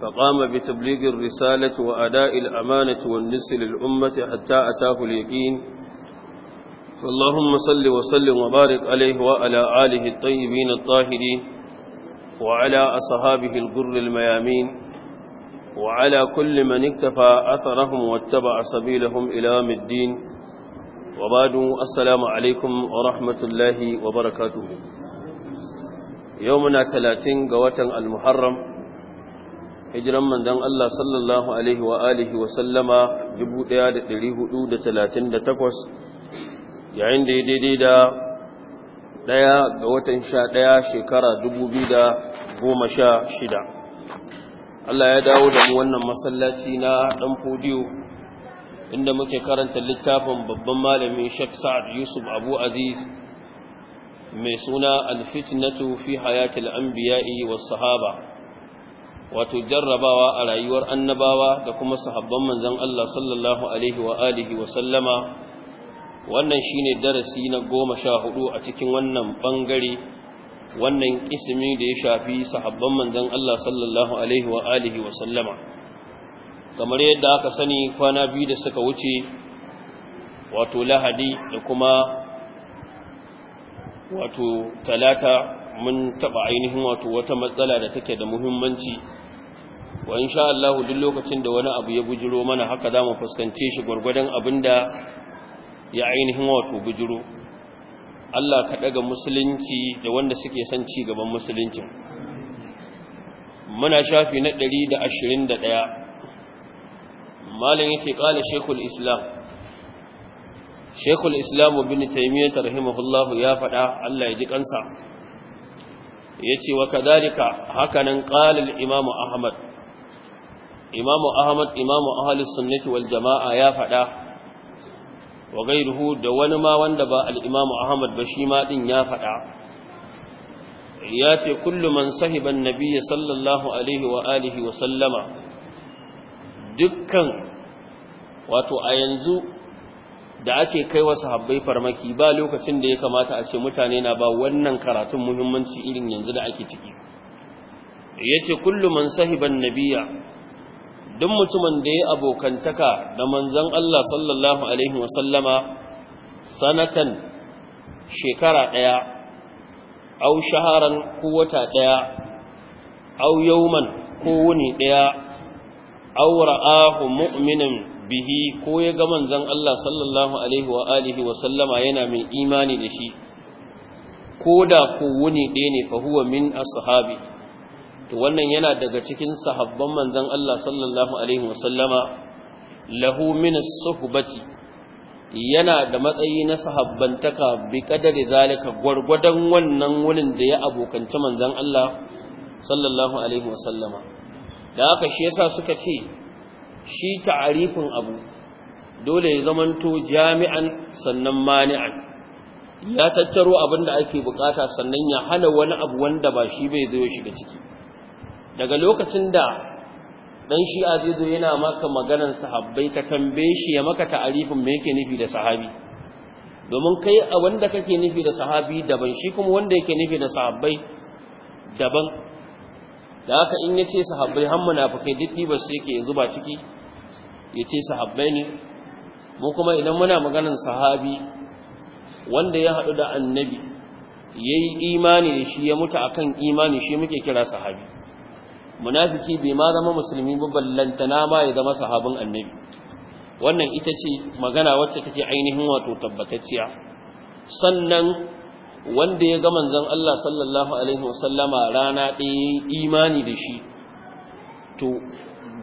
فقام بتبليغ الرسالة وأداء الأمانة والنس للأمة حتى أتاه اليقين اللهم صل وسلم وبارك عليه وعلى آله الطيبين الطاهرين وعلى أصحابه الجر الميامين وعلى كل من اكتفى أثرهم واتبع سبيلهم إلى الدين وبعد السلام عليكم ورحمة الله وبركاته يومنا ثلاثين قوة المحرم hijiran manzon Allah sallallahu alaihi wa alihi wa sallama 1438 yayin da ya daidai da daya ga watan 11 shekara 2016 Allah ya dawo da mu wannan masallaci na dan fodiyo inda muke karanta littafin babban malamin Sheikh Sa'ad Yusuf Abu Aziz mai suna Al-Fitnatu fi Hayatil Anbiya'i was Sahaba wato jarrabawa a rayuwar annabawa da kuma sahabban manzan Allah sallallahu alaihi wa alihi wa sallama wannan shine darasi na 14 a cikin wannan bangare wannan kisimi da ya shafi sahabban manzan Allah sallallahu alaihi wa alihi wa sallama kamar yadda aka sani kwana biyu da suka wuce wato lahadi da kuma wato talata mun taba ainihin wato wata matsala da take da muhimmanci wa sha Allah duk lokacin da wani abu ya bujiro mana haka za mu fuskance shi gwargwadon abin da ya ainihin wato bujiro Allah ka daga musulunci da wanda suke son ci gaban musuluncin muna shafi na 121 malam yace kala shaykhul islam shaykhul islam ibn taymiyyah rahimahullahu ya faɗa. Allah ya ji kansa yace wa kadalika hakanan qala al imam ahmad imamu ahmad imamu ahli sunnati wal jama'a ya faɗa wa gairuhu da wani ma wanda ba al-imamu ahmad ba shi ma din ya faɗa ya ce kullu man sahiban nabiyyi sallallahu alaihi wa alihi wa sallama dukkan wato a yanzu da ake kai wa sahabbai farmaki ba lokacin da ya kamata a ce mutane na ba wannan karatun muhimmanci irin yanzu da ake ciki yace kullu man sahiban nabiyya duk mutumin da ya abokantaka da manzon Allah sallallahu alaihi wasallama sanatan shekara ɗaya, au shaharan ko wata daya au yawman ko wuni daya au ra'ahu mu'minan bihi ko ya ga manzon Allah sallallahu alaihi wa alihi wasallama yana mai imani da shi ko da ko wuni ɗaya ne fa huwa min ashabi to wannan yana daga cikin sahabban manzon Allah sallallahu alaihi wasallama lahu min as-suhbati yana da matsayi na sahabbantaka bi kadari zalika gurgudan wannan wulin da ya abokanci manzon Allah sallallahu alaihi wasallama da haka shi yasa suka ce shi ta'arifin abu dole ya zamanto jami'an sannan mani'an ya tattaro abin da ake bukata sannan ya hana wani abu wanda ba shi bai zo shiga ciki daga lokacin da dan shi azizu yana maka maganar sahabbai ka tambaye shi ya maka ta'arifin me yake nufi da sahabi domin kai a wanda kake nufi da sahabi daban shi kuma wanda yake nufi da sahabbai daban da haka in yace sahabbai har munafikai duk ba su yake zuba ciki yace sahabbai ne mu kuma idan muna maganar sahabi wanda ya haɗu da annabi yayi imani da shi ya mutu akan imani shi muke kira sahabi munafiki bai ma zama musulmi ba ballantana ma ya zama sahabin annabi wannan ita ce magana wacce take ainihin wato tabbatacciya sannan wanda ya ga manzon Allah sallallahu alaihi wasallama rana ɗaya imani da shi to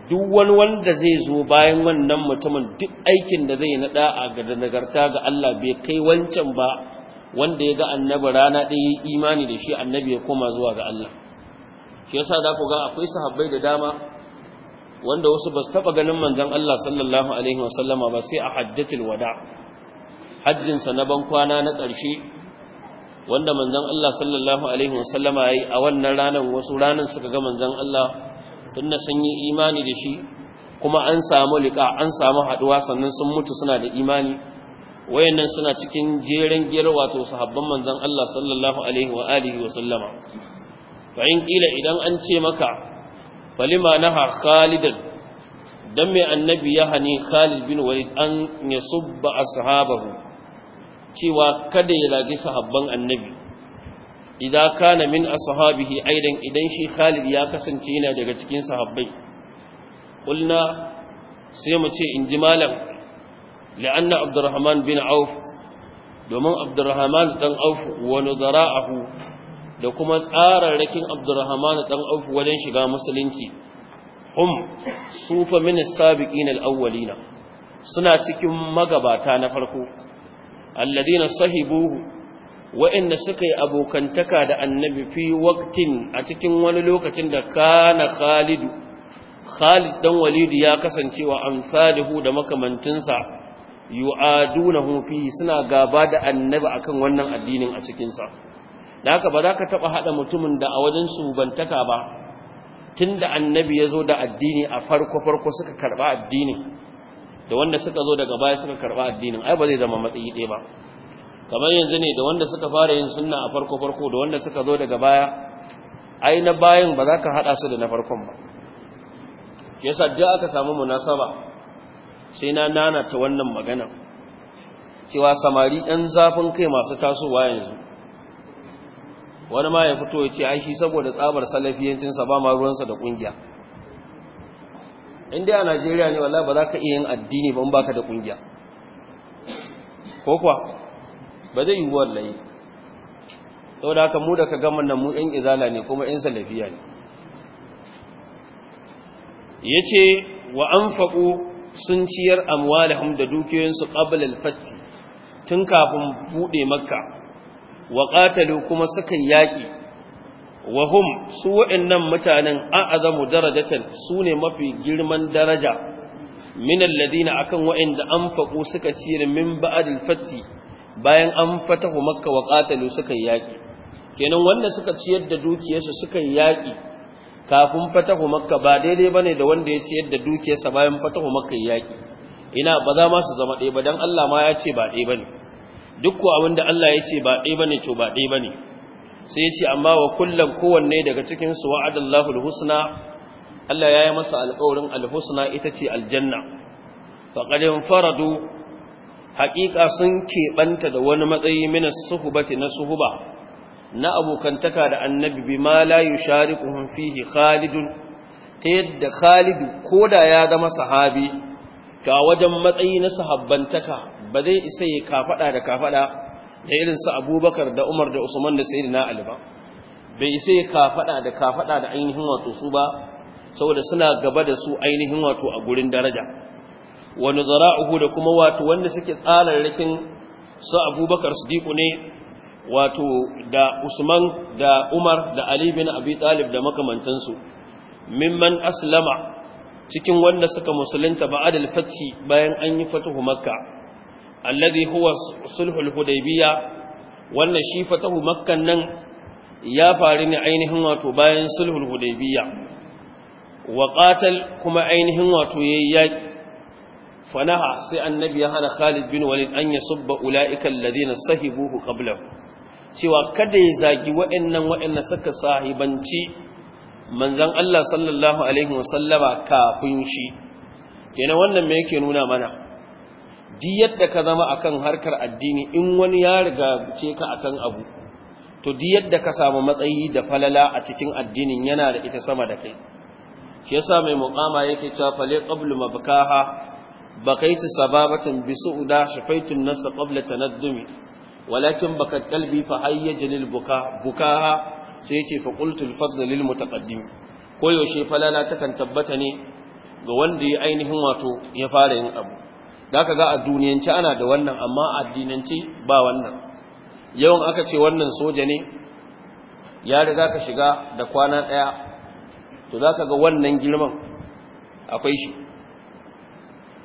duk wani wanda zai zo bayan wannan mutumin duk aikin da zai na a ga nagarta ga Allah bai kai wancan ba wanda ya ga annabi rana ɗaya imani da shi annabi ya koma zuwa ga Allah shi yasa za ku ga akwai sahabbai da dama wanda wasu ba su taɓa ganin manzon Allah sallallahu alaihi wasallama ba sai a hajjatul wada hajjinsa na ban kwana na ƙarshe wanda manzon Allah sallallahu alaihi wasallama yayi a wannan ranan wasu ranar suka ga manzon Allah tunda sun yi imani da shi kuma an samu liƙa an samu haɗuwa sannan sun mutu suna da imani wayannan suna cikin jerin giyar wato sahabban manzon Allah sallallahu alaihi wa alihi wa sallama fa'in ƙila idan an ce maka falima na ha don mai annabi ya hani khalid bin walid an ya subba a sahabahu cewa kada ya lagi sahabban annabi idan kana min a sahabihi aidan idan shi khalid ya kasance yana daga cikin sahabbai ƙulna sai mu ce in ji malam la'anna abdurrahman bin auf domin abdurrahman dan auf wani zara'ahu da kuma tsararrakin abdurrahman dan aufu wajen shiga musulunci hum sufa min as-sabiqin al-awwalina suna cikin magabata na farko alladina sahibuhu wa'inda suka yi abokantaka da annabi fi waqtin a cikin wani lokacin da kana khalid khalid dan walid ya kasancewa amsalihu da makamantinsa yu'adunahu fi suna gaba da annabi akan wannan addinin a cikin sa da haka ba za ka taɓa haɗa mutumin da a wajen subantaka ba tun da annabi ya zo da addini a farko-farko suka karɓa addini da wanda suka zo daga baya suka karɓa addinin ai ba zai zama matsayi ɗaya ba kamar yanzu ne da wanda suka fara yin sunna a farko-farko da wanda suka zo daga baya ai na bayan ba za ka haɗa su da na farkon ba yasa duk aka samu munasaba sai na nana ta wannan magana cewa samari ɗan zafin kai masu tasowa yanzu wani ma ya fito ya ce an shi saboda tsabar salafiyancinsa ba ma ruwansa da kungiya inda a najeriya ne wallahi ba za ka iya yin addini ba ba baka da kungiya ko kuwa ba zai yi wallahi sau da haka mu da ka gama nan mu yan izala ne kuma yan salafiya ne ya ce wa an sun ciyar amwalihim da dukiyoyinsu ƙabalin fatti tun kafin buɗe makka wa qatalu kuma suka yaki wa hum su wa'annan mutanen a'azamu darajatan sune mafi girman daraja min alladhina akan wa'anda anfaqu suka cire min ba'dil fatti bayan an fatahu makka wa qatalu suka yaki kenan wanda suka ciyar da dukiyarsa suka yaki kafin fatahu makka ba daidai bane da wanda ya ciyar da dukiyarsa bayan fatahu makka yaki ina ba za ma su zama ɗaya ba dan Allah ma ya ce ba ɗaya bane duk abinda Allah ya ce ba ɗaya bane to ba ɗaya bane sai ya ce amma wa kullum kowanne daga cikin su wa'adallahu husna Allah ya yi masa alƙawarin alhusna ita ce aljanna faqad faradu haƙiƙa sun keɓanta da wani matsayi min suhubati na suhuba na abokantaka da annabi bima la yushariquhum fihi khalidun ta yadda khalidu koda ya zama sahabi ga wajen matsayi na sahabbantaka ba zai isa yi kafada da kafada da irin su abubakar da umar da usman da sayyidina na ba bai isa yi kafada da kafada da ainihin wato su ba saboda suna gaba da su ainihin wato a gurin daraja zara uku da kuma wato wanda suke tsararrakin su abubakar siddiqu ne wato da usman da umar da ali bin abi talib da makamantansu mimman aslama cikin wanda suka musulunta ba'adal fatshi bayan an yi fatuhu makka alladhi huwa sulhul hudaybiyya wannan shi fatahu makkan nan ya faru ne ainihin wato bayan sulhul hudaybiyya wa qatal kuma ainihin wato yayi fanaha sai annabi ya hana Khalid bin Walid an yasubba ulaiikal ladina sahibuhu qablahu cewa kada ya zagi waɗannan waɗanda suka sahibanci manzon Allah sallallahu alaihi wasallama kafin shi kenan wannan me yake nuna mana di yadda ka zama akan harkar addini in wani ya riga ce ka akan abu to di yadda ka samu matsayi da falala a cikin addinin yana da ita sama da kai shi yasa mai muqama yake cewa fale qablu mabkaha bakaitu sababatan bi su'da shafaitu an-nas qabla tanaddumi walakin bakat qalbi fa hayyaj lil buka bukaha sai yace fa qultu al-fadl lil mutaqaddim koyaushe falala takan tabbata ne ga wanda ya ainihin wato ya fara yin abu da ka ga a duniyance ana da wannan amma a addinance ba wannan yawan aka ce wannan soja ne ya riga ka shiga da kwana ɗaya to za ka ga wannan girman akwai shi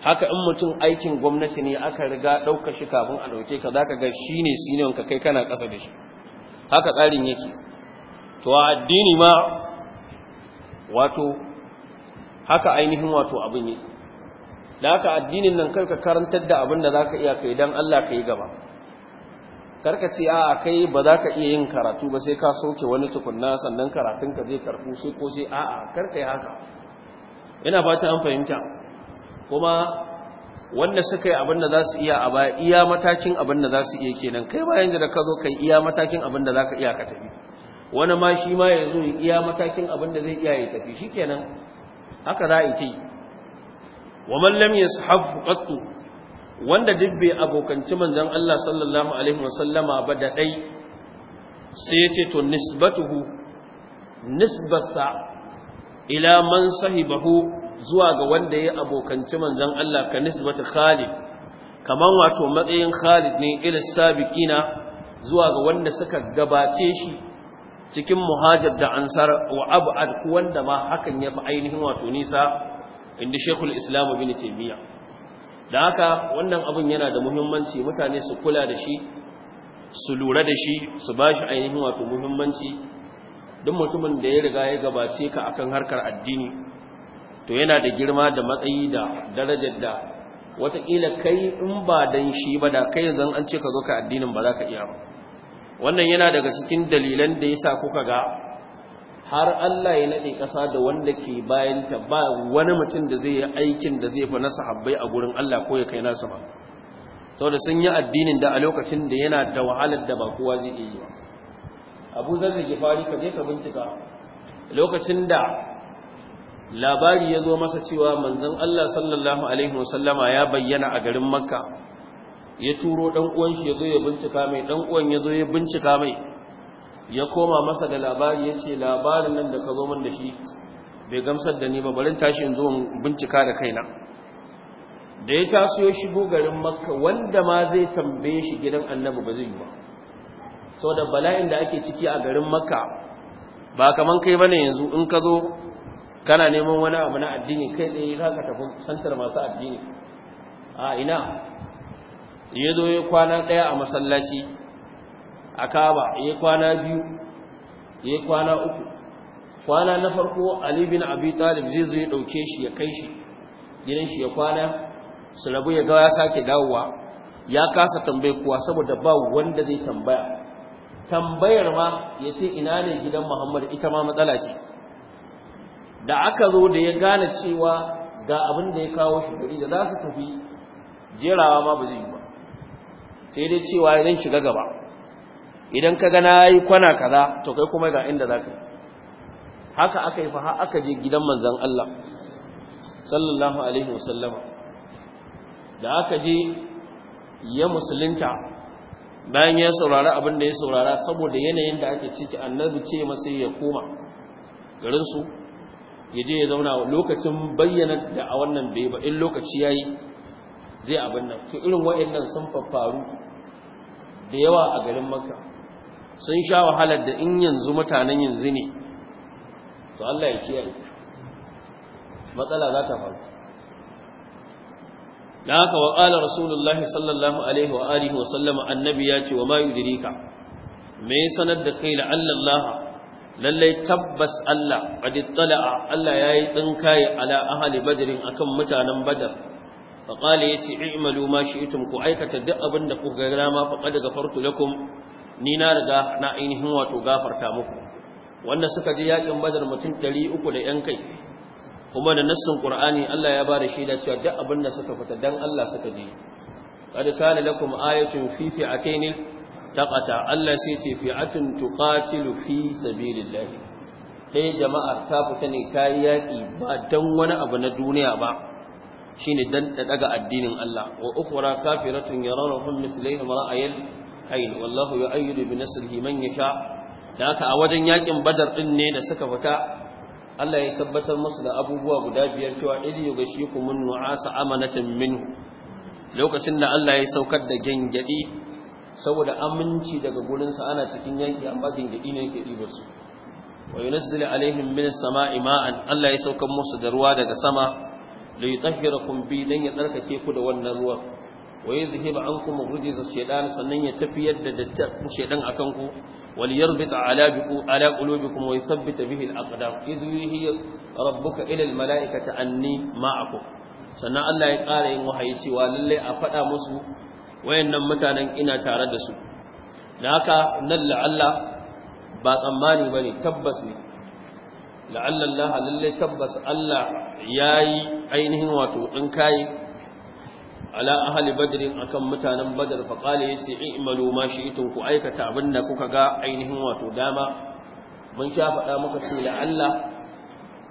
haka in mutum aikin gwamnati ne aka riga ɗauka shi kafin a ɗauke ka za ka ga shi ne ka kai kana ƙasa da shi haka tsarin yake to a addini ma wato haka ainihin wato abin yake da haka addinin nan kai ka karantar da abin da za ka iya kai don Allah ka yi gaba karka ce a kai ba za ka iya yin karatu ba sai ka soke wani tukunna sannan karatun ka zai karfu sai ko sai a'a karka yi haka ina fata an fahimta kuma wanda suka yi abin da za su iya a baya iya matakin abin da za su iya kenan kai bayan da ka zo kai iya matakin abin da za ka iya ka tafi wani ma shi ma ya zo iya matakin abin da zai iya ya tafi shi kenan haka za a yi wa man lam yashafu qattu wanda duk bai abokanci manzon Allah sallallahu alaihi wasallama ba daɗai, dai sai ya ce to nisbatuhu nisbasa ila man sahibahu zuwa ga wanda ya abokanci manzon Allah ka nisbata Khalid kaman wato matsayin Khalid ne ila sabiqina zuwa ga wanda suka gabace shi cikin muhajir da ansar wa ab'ad wanda ma hakan ya fi ainihin wato nisa inda shekul islamu bin taimiyya da haka wannan abin yana da muhimmanci mutane su kula da shi su lura da shi su ba shi ainihin wato muhimmanci duk mutumin da ya riga ya gabace ka akan harkar addini to yana da girma da matsayi da darajar da watakila kai in ba dan shi ba da kai zan an ce ka zo ka addinin ba za ka iya ba wannan yana daga cikin dalilan da ya sa kuka ga har Allah ya nade ƙasa da wanda ke bayan ta ba wani mutum da zai yi aikin da zai fi na sahabbai a gurin Allah ko ya kai nasu ba da sun yi addinin da a lokacin da yana da wahalar da ba kowa zai iya yi ba abu zarri gifari ka je ka bincika lokacin da labari ya zo masa cewa manzon Allah sallallahu alaihi wasallama ya bayyana a garin makka ya turo dan uwan shi ya zo ya bincika mai dan uwan ya zo ya bincika mai ya koma masa da labari ya ce labarin nan da ka zo da shi bai gamsar da ni ba barin tashi in zo bincika da kaina da ya taso ya shigo garin makka wanda ma zai tambaye shi gidan annabi ba zai yi ba saboda bala'in da ake ciki a garin makka ba kaman kai bane yanzu in ka zo kana neman wani abu na addini kai tsaye za ka tafi santar masu addini a ina ya zo ya kwana ɗaya a masallaci a kaba ya kwana biyu ya kwana uku kwana na farko ali bin abi talib zai zai dauke shi ya kai shi gidan shi ya kwana sulabu ya ga ya sake dawowa ya kasa tambaye kuwa saboda ba wanda zai tambaya tambayar ma ya ce ina ne gidan muhammad ita ma matsala ce da aka zo da ya gane cewa ga abin da ya kawo shi gari da za su tafi jerawa ma ba zai yi ba sai dai cewa ya zan shiga gaba idan ka gana yi kwana kaza to kai kuma ga inda za ka yi haka aka yi fa aka je gidan manzan Allah sallallahu alaihi wasallama da aka je ya musulunta bayan ya saurara abin da ya saurara saboda yanayin da ake ciki annabi ce masa ya koma garinsu ya je ya zauna lokacin bayyana da a wannan bai ba in lokaci ya yi zai abin nan to irin wa'in nan sun faru da yawa a garin makka sun sha wahalar da in yanzu mutanen yanzu ne to Allah ya kiyaye matsala za ta faru da haka wa qala rasulullah sallallahu alaihi wa alihi wa sallama annabi ya ce wa ma yudrika me sanar da kai la Allah lallai tabbas Allah qad tala'a Allah yayi tsinkaye ala ahli badrin akan mutanen badar فقال يتي اعملوا ma شئتم كو aikata duk abin da kuka ga ma faqad gafartu lakum ni na riga na ainihin wato gafarta muku wanda suka ji yakin badar mutum 300 da yan kai kuma da nassin qur'ani Allah ya bada shaida cewa duk abin da suka fita dan Allah suka je qad kana lakum ayatun fi fi'atayn taqata Allah sai ce fi'atun tuqatilu fi sabilillah dai jama'ar ta fita ne ta yi yaki ba dan wani abu na duniya ba shine dan daga addinin Allah wa ukhra kafiratun yarawhum mislihim ra'ayil ayn wallahu yu'ayyidu bi nasrihi man yasha da haka a wajen yakin badar din ne da suka fita Allah ya tabbatar musu da abubuwa guda biyar cewa idh yughshikumun nu'asa amanatan minhu lokacin da Allah ya saukar da gengedi saboda aminci daga sa ana cikin yanki amma gengedi ne yake ɗiba su wa yunzilu alaihim min samai ma'an Allah ya saukar musu da ruwa daga sama li yutahhirakum bi dan ya tsarkake ku da wannan ruwan wa kuma ankum rijza shaytan sannan ya yadda da dattar akan ku wal yarbita ala biku ala qulubikum wa yuthabbit bihi al aqdam idh rabbuka ila al malaikati anni ma'akum sannan Allah ya ƙara yin wahayi cewa lalle a faɗa musu wayannan mutanen ina tare da su da haka nan la'alla ba tsammani bane tabbas ne la'alla Allah lalle tabbas Allah yayi ainihin wato din kai ala ahli badrin akan mutanen badar fa qala yasi i'malu ma shi'tum ku aikata abinda kuka ga ainihin wato dama mun sha faɗa muka ce la Allah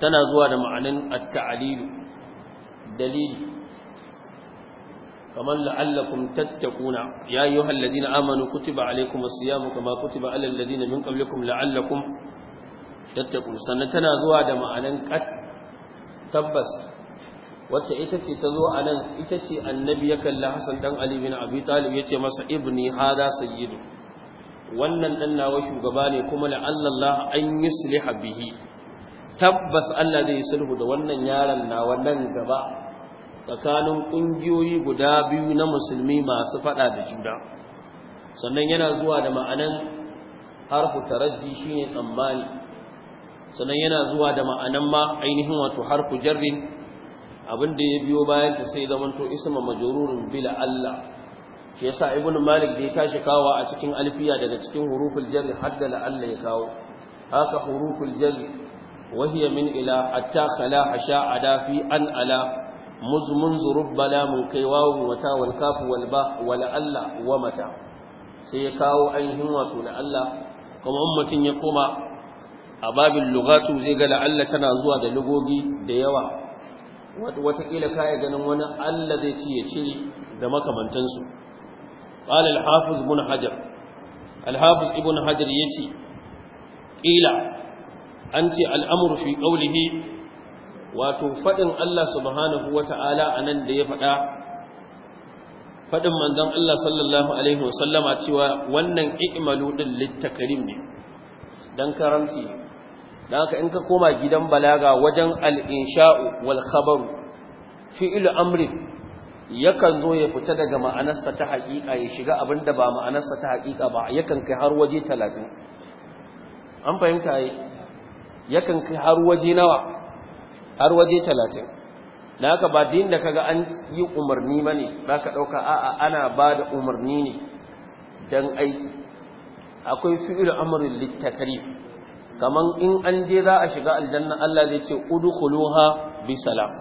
tana zuwa da ma'anin at-ta'lil dalili kamar la'allakum tattakuna ya ayyuhal ladina amanu kutiba alaykumus siyamu kama kutiba alal ladina min qablikum la'allakum tattakun sannan tana zuwa da ma'anin tabbas wacce ita ce ta zo a nan ita ce annabi ya kalli hassan dan ali bin abi talib ya ce masa ibni hada sayyidu wannan dan nawa shugaba ne kuma la Allah an yusliha bihi tabbas Allah zai sulhu da wannan yaron nawa nan gaba tsakanin ƙungiyoyi guda biyu na musulmi masu faɗa da juna sannan yana zuwa da ma'anan harfu taraji shine tsammani sannan yana zuwa da ma'anan ma ainihin wato harfu jarrin abin da ya biyo bayanta ta sai zaman to isma majururun bila Allah shi yasa ibn malik da ya tashi kawa a cikin alfiya daga cikin huruful jar hadda Allah ya kawo haka huruful jar wahiya min ila hatta kala hasha adafi an ala muzmun zurub bala mun kai wawu wata wal kafu ba wal Allah wa mata sai ya kawo ainihin wato la Allah kuma mutum ya koma a babin lugatu zai ga la Allah tana zuwa da lugogi da yawa watakila kaya ganin wani Allah zai ci ya cire da makamantansu qala al-hafiz ibn hajar al-hafiz ibn hajar yace ƙila an ce al'amur fi qawlihi wato fadin Allah subhanahu ta'ala anan da ya fada fadin manzon Allah sallallahu alaihi wasallama cewa wannan i'malu ɗin littakarim ne dan karanci dan haka in ka koma gidan balaga wajen al'insha'u wal khabaru fi'il amrin yakan zo ya fita daga ma'anarsa ta haƙiƙa ya shiga abin da ba ma'anarsa ta haƙiƙa ba yakan kai har waje talatin. an fahimta yi yakan kai har waje nawa har waje talatin. da haka ba din da kaga an yi umarni ba ba ka ɗauka a'a ana ba da umarni ne don aiki akwai fi'il amrin littakrif kaman in an je za a shiga aljanna Allah zai ce udkhuluha bi salam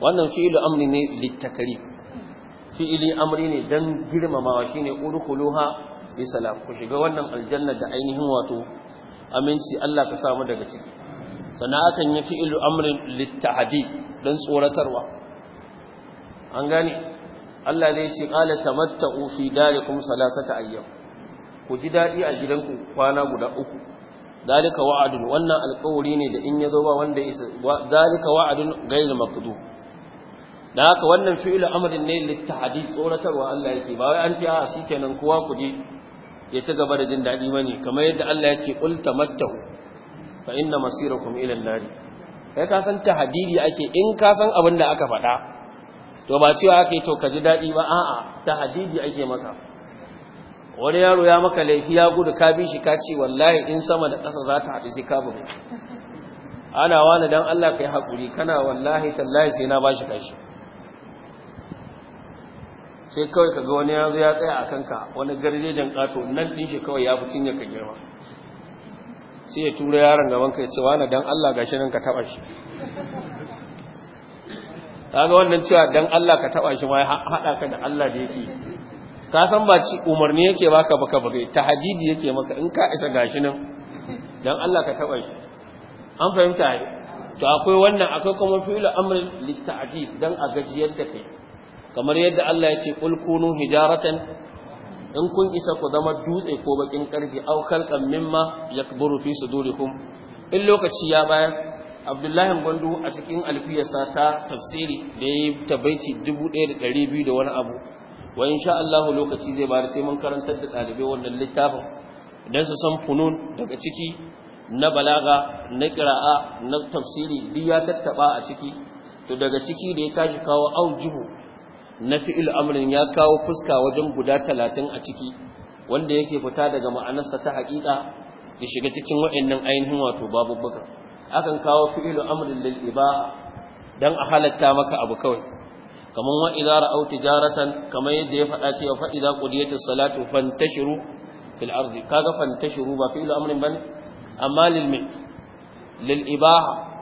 wannan fi'il amri ne littakari fi'ili amri ne dan girmamawa shine udkhuluha bi salam ku shiga wannan aljanna da ainihin wato aminci Allah ka samu daga ciki sannan akan yi fi'il amrin littahdi dan tsoratarwa an gane Allah zai ce qala tamattu fi darikum salasata ayyam ku ji dadi a gidanku kwana guda uku zalika wa'adun wannan alƙawari ne da in yazo ba wanda isa zalika wa'adun ghayr maqdu dan haka wannan fi'il amrin ne littahadi tsoratarwa Allah yake ba wai an ce a shikenan kowa ku je ya ci gaba da jin dadi bane kamar yadda Allah ya ce qul tamattahu fa inna masirakum ila an-nar kai ka san tahdidi ake in ka san abin da aka faɗa to ba cewa ake to ka ji dadi ba a'a tahdidi ake maka wani yaro ya maka laifi ya gudu ka bi shi ka ce wallahi in sama da ƙasa za ta haɗu sai ka bu ana wani don Allah ka yi haƙuri kana wallahi tallahi sai na ba shi ƙashi sai kawai ka ga wani yanzu ya tsaya a kanka wani garjejen ƙato nan ɗin shi kawai ya fitin ya ka girma sai ya tura yaron gaban ka ya ce wani don Allah ga shi nan ka taɓa shi ta ga wannan cewa don Allah ka taɓa shi ma ya haɗa ka da Allah da yake ka san ba ci umarni yake baka baka ta hadidi yake maka in ka isa gashi nan dan Allah ka taba shi an fahimta ai to akwai wannan akwai kuma fi'il amrin litta'dis dan a gajiyar da kai kamar yadda Allah ya ce qul kunu hijaratan in kun isa ku zama dutse ko bakin karfi aw khalqan mimma yakburu fi sudurikum in lokaci ya bayar abdullahi gwandu a cikin alfiyarsa ta tafsiri da ya yi tabbaci 1200 da wani abu wa insha Allah lokaci zai bari sai mun karantar da dalibai wannan littafin dan su san funun daga ciki na balaga na qira'a na tafsiri duk ya tattaba a ciki to daga ciki da ya tashi kawo aujuhu na fi'il amrin ya kawo fuska wajen guda 30 a ciki wanda yake fita daga ma'anarsa ta haƙiƙa ya shiga cikin waɗannan ainihin wato babubbuka akan kawo fi'ilu amrin lil ba, dan a halatta maka abu kawai kaman wa idza ra'aw tijaratan kamar yadda ya faɗa cewa fa idza qudiyatis salatu fantashiru fil ardi kaga fantashiru ba fi'il amrin ban amma lil min lil ibaha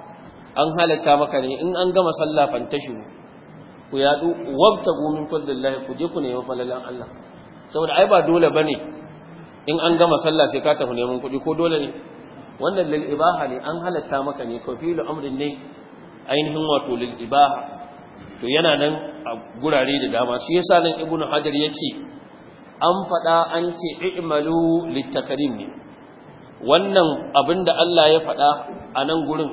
an halatta maka ne in an gama sallah fantashiru ku yadu wabtagu min fadlillahi ku je ku nemi falalan Allah saboda ai ba dole bane in an gama sallah sai ka tafi neman kuɗi ko dole ne wannan lil ibaha ne an halatta maka ne ko fi'il amrin ne ainihin wato lil ibaha to yana nan a gurare da dama shi yasa nan ibnu hajar yace an fada an ce i'malu littakrim ne wannan abinda Allah ya fada a nan gurin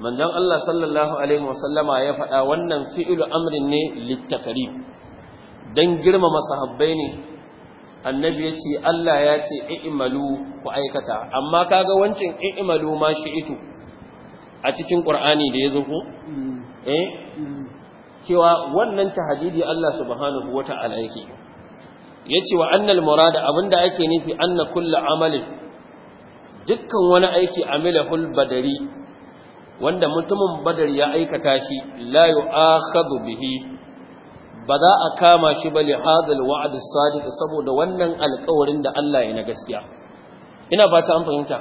manzon Allah sallallahu alaihi wasallama ya fada wannan fi'ilu amrin ne littakrim dan girmama sahabbai ne annabi yace Allah ya ce i'malu ku aikata amma kaga wancin i'malu ma shi shi'itu a cikin qur'ani da yazo ko mm. eh mm. cewa wannan tahdidi Allah subhanahu wata'ala yake ce wa annal murada abinda ake nufi anna kullu amalin dukkan wani aiki amilahul badari wanda mutumin badar ya aikata shi la yu'akhadhu bihi ba za a kama shi ba li hadal wa'd as-sadiq saboda wannan alƙawarin da Allah ya na gaskiya ina fata an fahimta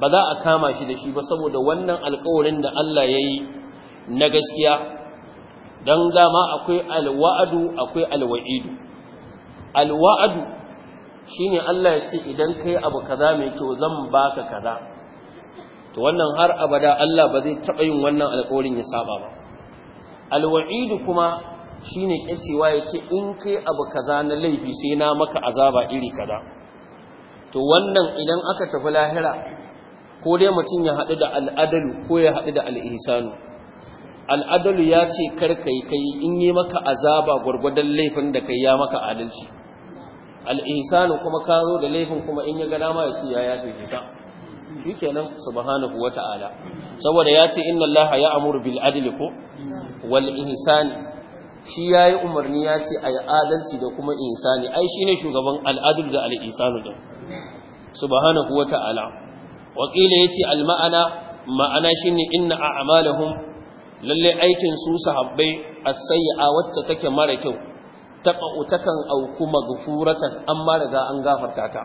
ba za a kama shi da shi ba saboda wannan alƙawarin da Allah ya yi na gaskiya don dama akwai alwa'adu akwai alwa'idu alwa'adu shine Allah ya ce idan kai abu kaza mai kyau zan baka kaza to wannan har abada Allah ba zai taɓa yin wannan alƙawarin ya saba ba alwa'idu kuma shine ya ce in kai abu kaza na laifi sai na maka azaba iri kaza to wannan idan aka tafi lahira ko dai mutum ya haɗu da al'adalu ko ya haɗu da al'isanu al'adalu ya ce karka yi kai in yi maka azaba gwargwadon laifin da kai ya maka adalci al'insanu kuma ka zo da laifin kuma in ya gada ma ya ce ya yafe shi ka shi kenan subhanahu wa ta'ala saboda ya ce inna Allah ya amur bil adli ko wal ihsani shi yi umarni ya ce a yi adalci da kuma insani ai shi ne shugaban al da al ihsanu din subhanahu wa ta'ala wa ya ce al ma'ana ma'ana shine inna a'malahum lalle aikin su sahabbai as-sayyi'a wacce take mara kyau taqa'u takan auku maghfuratan amma daga an gafarta ta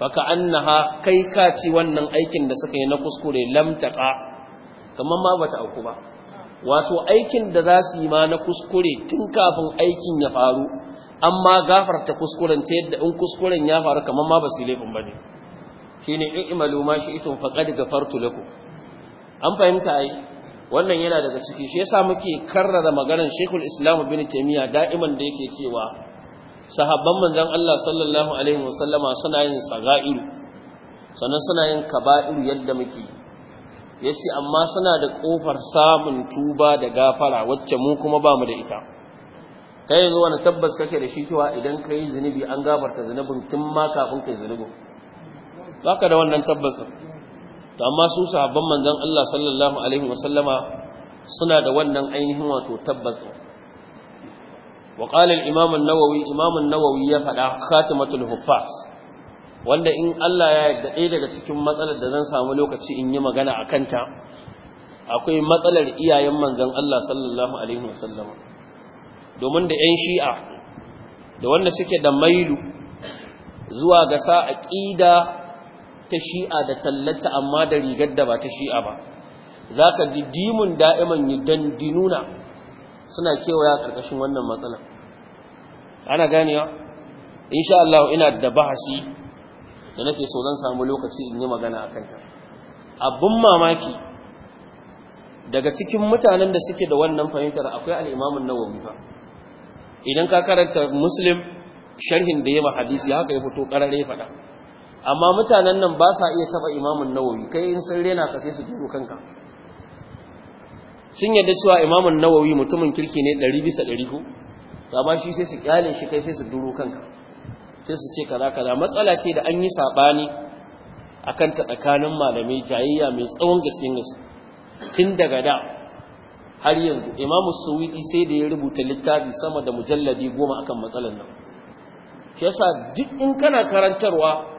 baka annaha kai kaci wannan aikin da suka yi na kuskure lam taqa kamar ma bata auku ba wato aikin da za su yi ma na kuskure tun kafin aikin ya faru amma gafarta kuskuren ta yadda in kuskuren ya faru kamar ma ba su laifin bane shine in imalu ma shi itum faqad gafartu lakum an fahimta ai wannan yana daga ciki shi yasa muke karrara maganar Sheikhul Islam Ibn Taymiyyah da'iman da yake cewa sahabban manzon Allah sallallahu alaihi wasallama suna yin sagairu sannan suna yin kaba'iru yadda muke yace amma suna da kofar samun tuba da gafara wacce mu kuma bamu da ita kai yanzu wani tabbas kake da shi cewa idan kai zunubi an gafarta zunubin tun ma kafin kai zinubin baka da wannan tabbasin to amma su sahabban manzon Allah sallallahu alaihi wasallama suna da wannan ainihin wato tabbas wa qala al-imam an-nawawi imam an-nawawi ya fada khatimatul huffaz wanda in Allah ya yarda ɗaya daga cikin matsalar da zan samu lokaci in yi magana akan ta akwai matsalar iyayen manzon Allah sallallahu alaihi wasallama domin da ƴan shi'a da wanda suke da mailu zuwa ga sa ƙida. ta shi'a da tallata amma da rigar da ba ta shi'a ba za ka ji dimun da'iman yi don dinuna suna kewaya a ƙarƙashin wannan matsalar ana ganewa sha Allah ina da bahasi da nake so zan samu lokaci in yi magana a kanta abin mamaki daga cikin mutanen da suke da wannan fahimtar akwai al'imamun wani fa idan ka karanta muslim sharhin da ma hadisi haka ya fito ya faɗa amma mutanen nan ba sa iya taba imamun nawawi kai in sun rena ka sai su duro kanka sun yadda cewa imamun nawawi mutumin kirki ne 100 bisa 100 ko amma shi sai su kyale shi kai sai su duro kanka sai su ce kaza kaza matsala ce da an yi a kan ta tsakanin malamai jayayya mai tsawon gaske gaske tun daga da har yanzu imamu suwidi sai da ya rubuta littafi sama da mujalladi goma akan matsalan nan shi yasa duk in kana karantarwa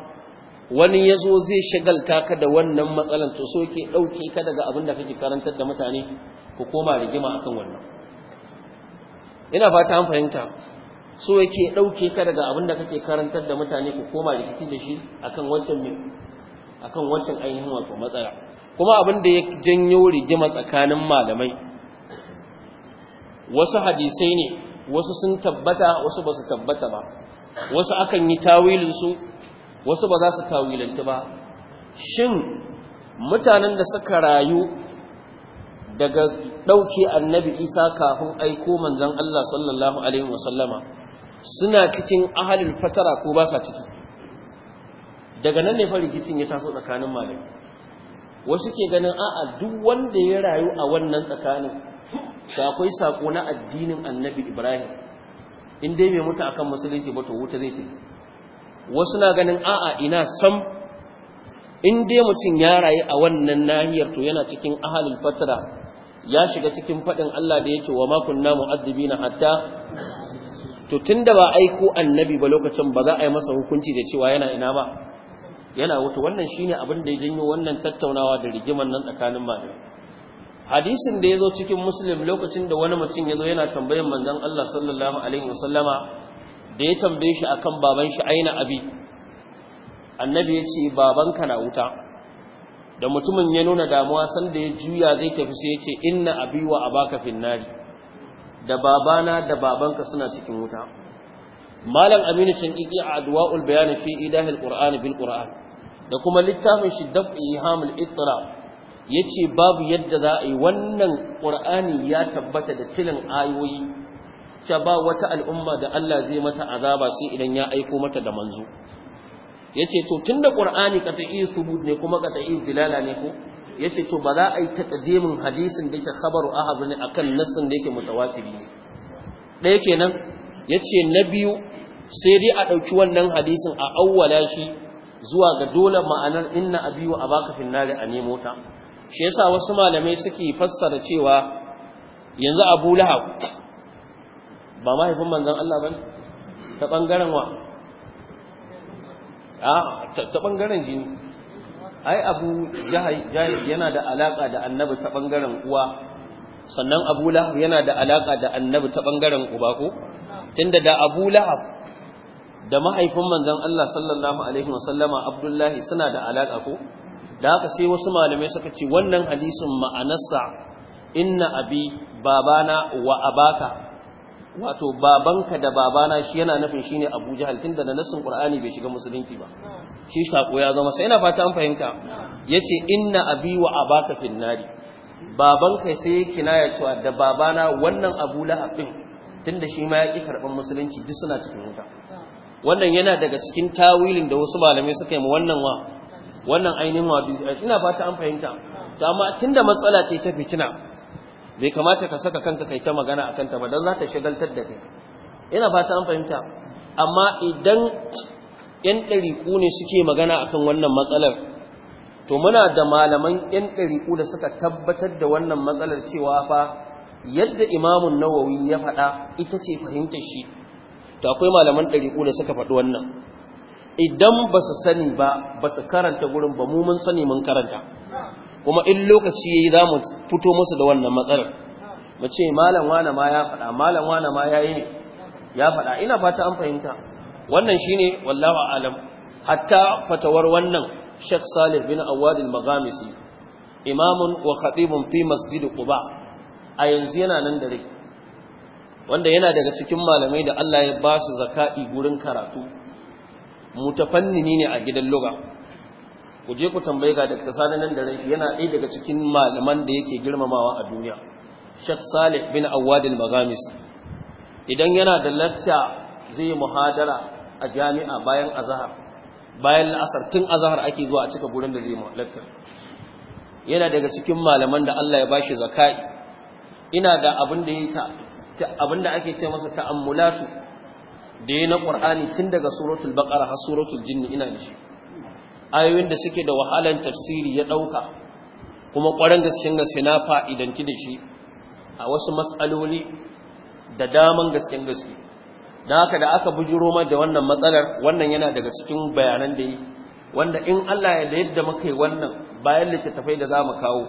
wani ya zo zai shagalta ka da wannan matsalan to so ke ɗauke ka daga abin da kake karantar da mutane ku koma rigima akan wannan ina fata an fahimta so yake ɗauke ka daga abin da kake karantar da mutane ku koma rikici da shi akan wancan akan wancan ainihin wato matsala kuma abin da ya janyo rigima tsakanin malamai wasu hadisai ne wasu sun tabbata wasu ba su tabbata ba wasu akan yi tawilinsu wasu ba za su tawilanci ba shin mutanen da suka rayu daga ɗauke annabi isa kafin aiko manzan Allah sallallahu alaihi wasallama suna cikin ahalin fatara ko ba sa ciki daga nan ne fa ya taso tsakanin malami wasu ke ganin a'a duk wanda ya rayu a wannan tsakanin da akwai sako na addinin annabi ibrahim in dai mai mutu akan musulunci ba to wuta zai tafi wasu na ganin a'a ina sam in dai mutum ya rayu a wannan nahiyar to yana cikin ahalin fatara, ya shiga cikin faɗin Allah da ya ce wa makon namu addabi na hatta to tun da ba aiko annabi ba lokacin ba za a yi masa hukunci da cewa yana ina ba yana wuta wannan shine abin da ya janyo wannan tattaunawa da rigiman nan tsakanin ma. hadisin da ya zo cikin muslim lokacin da wani mutum ya zo yana tambayin manzon Allah sallallahu alaihi wasallama da ya tambaye shi akan baban shi aina abi annabi ya ce babanka na wuta da mutumin ya nuna damuwa sanda ya juya zai tafi sai ya ce inna abi wa abaka finnari da babana da babanka suna cikin wuta malam aminu shankiki a adwa'ul bayani fi idahil qur'an bil qur'an da kuma littafin shi daf'i ihamul ittira yace babu yadda za a yi wannan qur'ani ya tabbata da tilin ayoyi ta ba wata al'umma da Allah zai mata azaba sai idan ya aiko mata da manzo yace to Ƙur'ani qur'ani qat'i subut ne kuma qat'i bilala ne ko yace to ba za a yi taqdimin hadisin da yake khabaru ahad ne akan nassin da yake mutawatiri ɗaya kenan yace na biyu sai dai a ɗauki wannan hadisin a awwala shi zuwa ga dole ma'anar inna a abaka fin nari a nemo ta shi yasa wasu malamai suke fassara cewa yanzu Abu Lahab ba mahaifin manzan Allah ba ta ɓangaren wa a ta ɓangaren jini ai abu yana da alaƙa da annabi ta ɓangaren uwa sannan abu lahab yana da alaƙa da annabi ta ɓangaren uba ko tunda da abu lahab da mahaifin manzan Allah sallallahu alaihi wasallama abdullahi suna da alaƙa ko da haka sai wasu malamai suka ce wannan hadisin ma'anarsa inna abi babana wa abaka wato babanka da babana shi yana nufin shi ne abu jihal tun da na nassin ƙur'ani bai shiga musulunci ba shi shaƙo ya zama sai ina fata an fahimta ya ce inna abi wa abaka finnari babanka sai ya kinaya cewa da babana wannan abu lahabin tun da shi ma ya ƙi karɓar musulunci duk suna cikin wuta wannan yana daga cikin tawilin da wasu malamai suka yi wannan wa wannan ainihin wa ina fata an fahimta to amma tunda matsala ce ta fitina bai kamata ka saka kanka kai ta magana a kanta ba don za ta shigaltar da kai ina fata an fahimta amma idan yan ɗariƙu ne suke magana a kan wannan matsalar to muna da malaman yan ɗariƙu da suka tabbatar da wannan matsalar cewa fa yadda imamun nawawi ya faɗa ita ce fahimtar shi to akwai malaman ɗariƙu da suka faɗi wannan idan ba su sani ba ba su karanta gurin ba mu mun sani mun karanta kuma in lokaci ya yi za mu fito musu da wannan matsalar mu ce malam wana ma ya faɗa malam wana ma yayi ya faɗa ina fata an fahimta wannan shi ne wallawa alam hatta fatawar wannan Sheikh Salih bin Awad magamisi imamun wa khatibun fi masjid Quba a yanzu yana nan da rai wanda yana daga cikin malamai da Allah ya ba su zaka'i gurin karatu mutafannini ne a gidan lugha ku je ku tambaye ga Dr. Sani nan da rai yana ɗaya daga cikin malaman da yake girmamawa a duniya Sheikh Salih bin Awad al idan yana da lacca zai muhadara a jami'a bayan azhar bayan la'asar tun azhar ake zuwa a cika gurin da zai lacca yana daga cikin malaman da Allah ya bashi zakai ina da abin da yake abin da ake ce masa ta'ammulatu da ya na ƙur'ani tun daga suratul baƙara har suratul jinni ina da shi ayoyin da suke da wahalan tafsiri ya ɗauka kuma ƙwarar gaskin gaske na fa'idanci da shi a wasu matsaloli da daman gaskin gaske da haka da aka bujiro da wannan matsalar wannan yana daga cikin bayanan da yi wanda in Allah ya da yadda muka yi wannan bayan littattafai da za mu kawo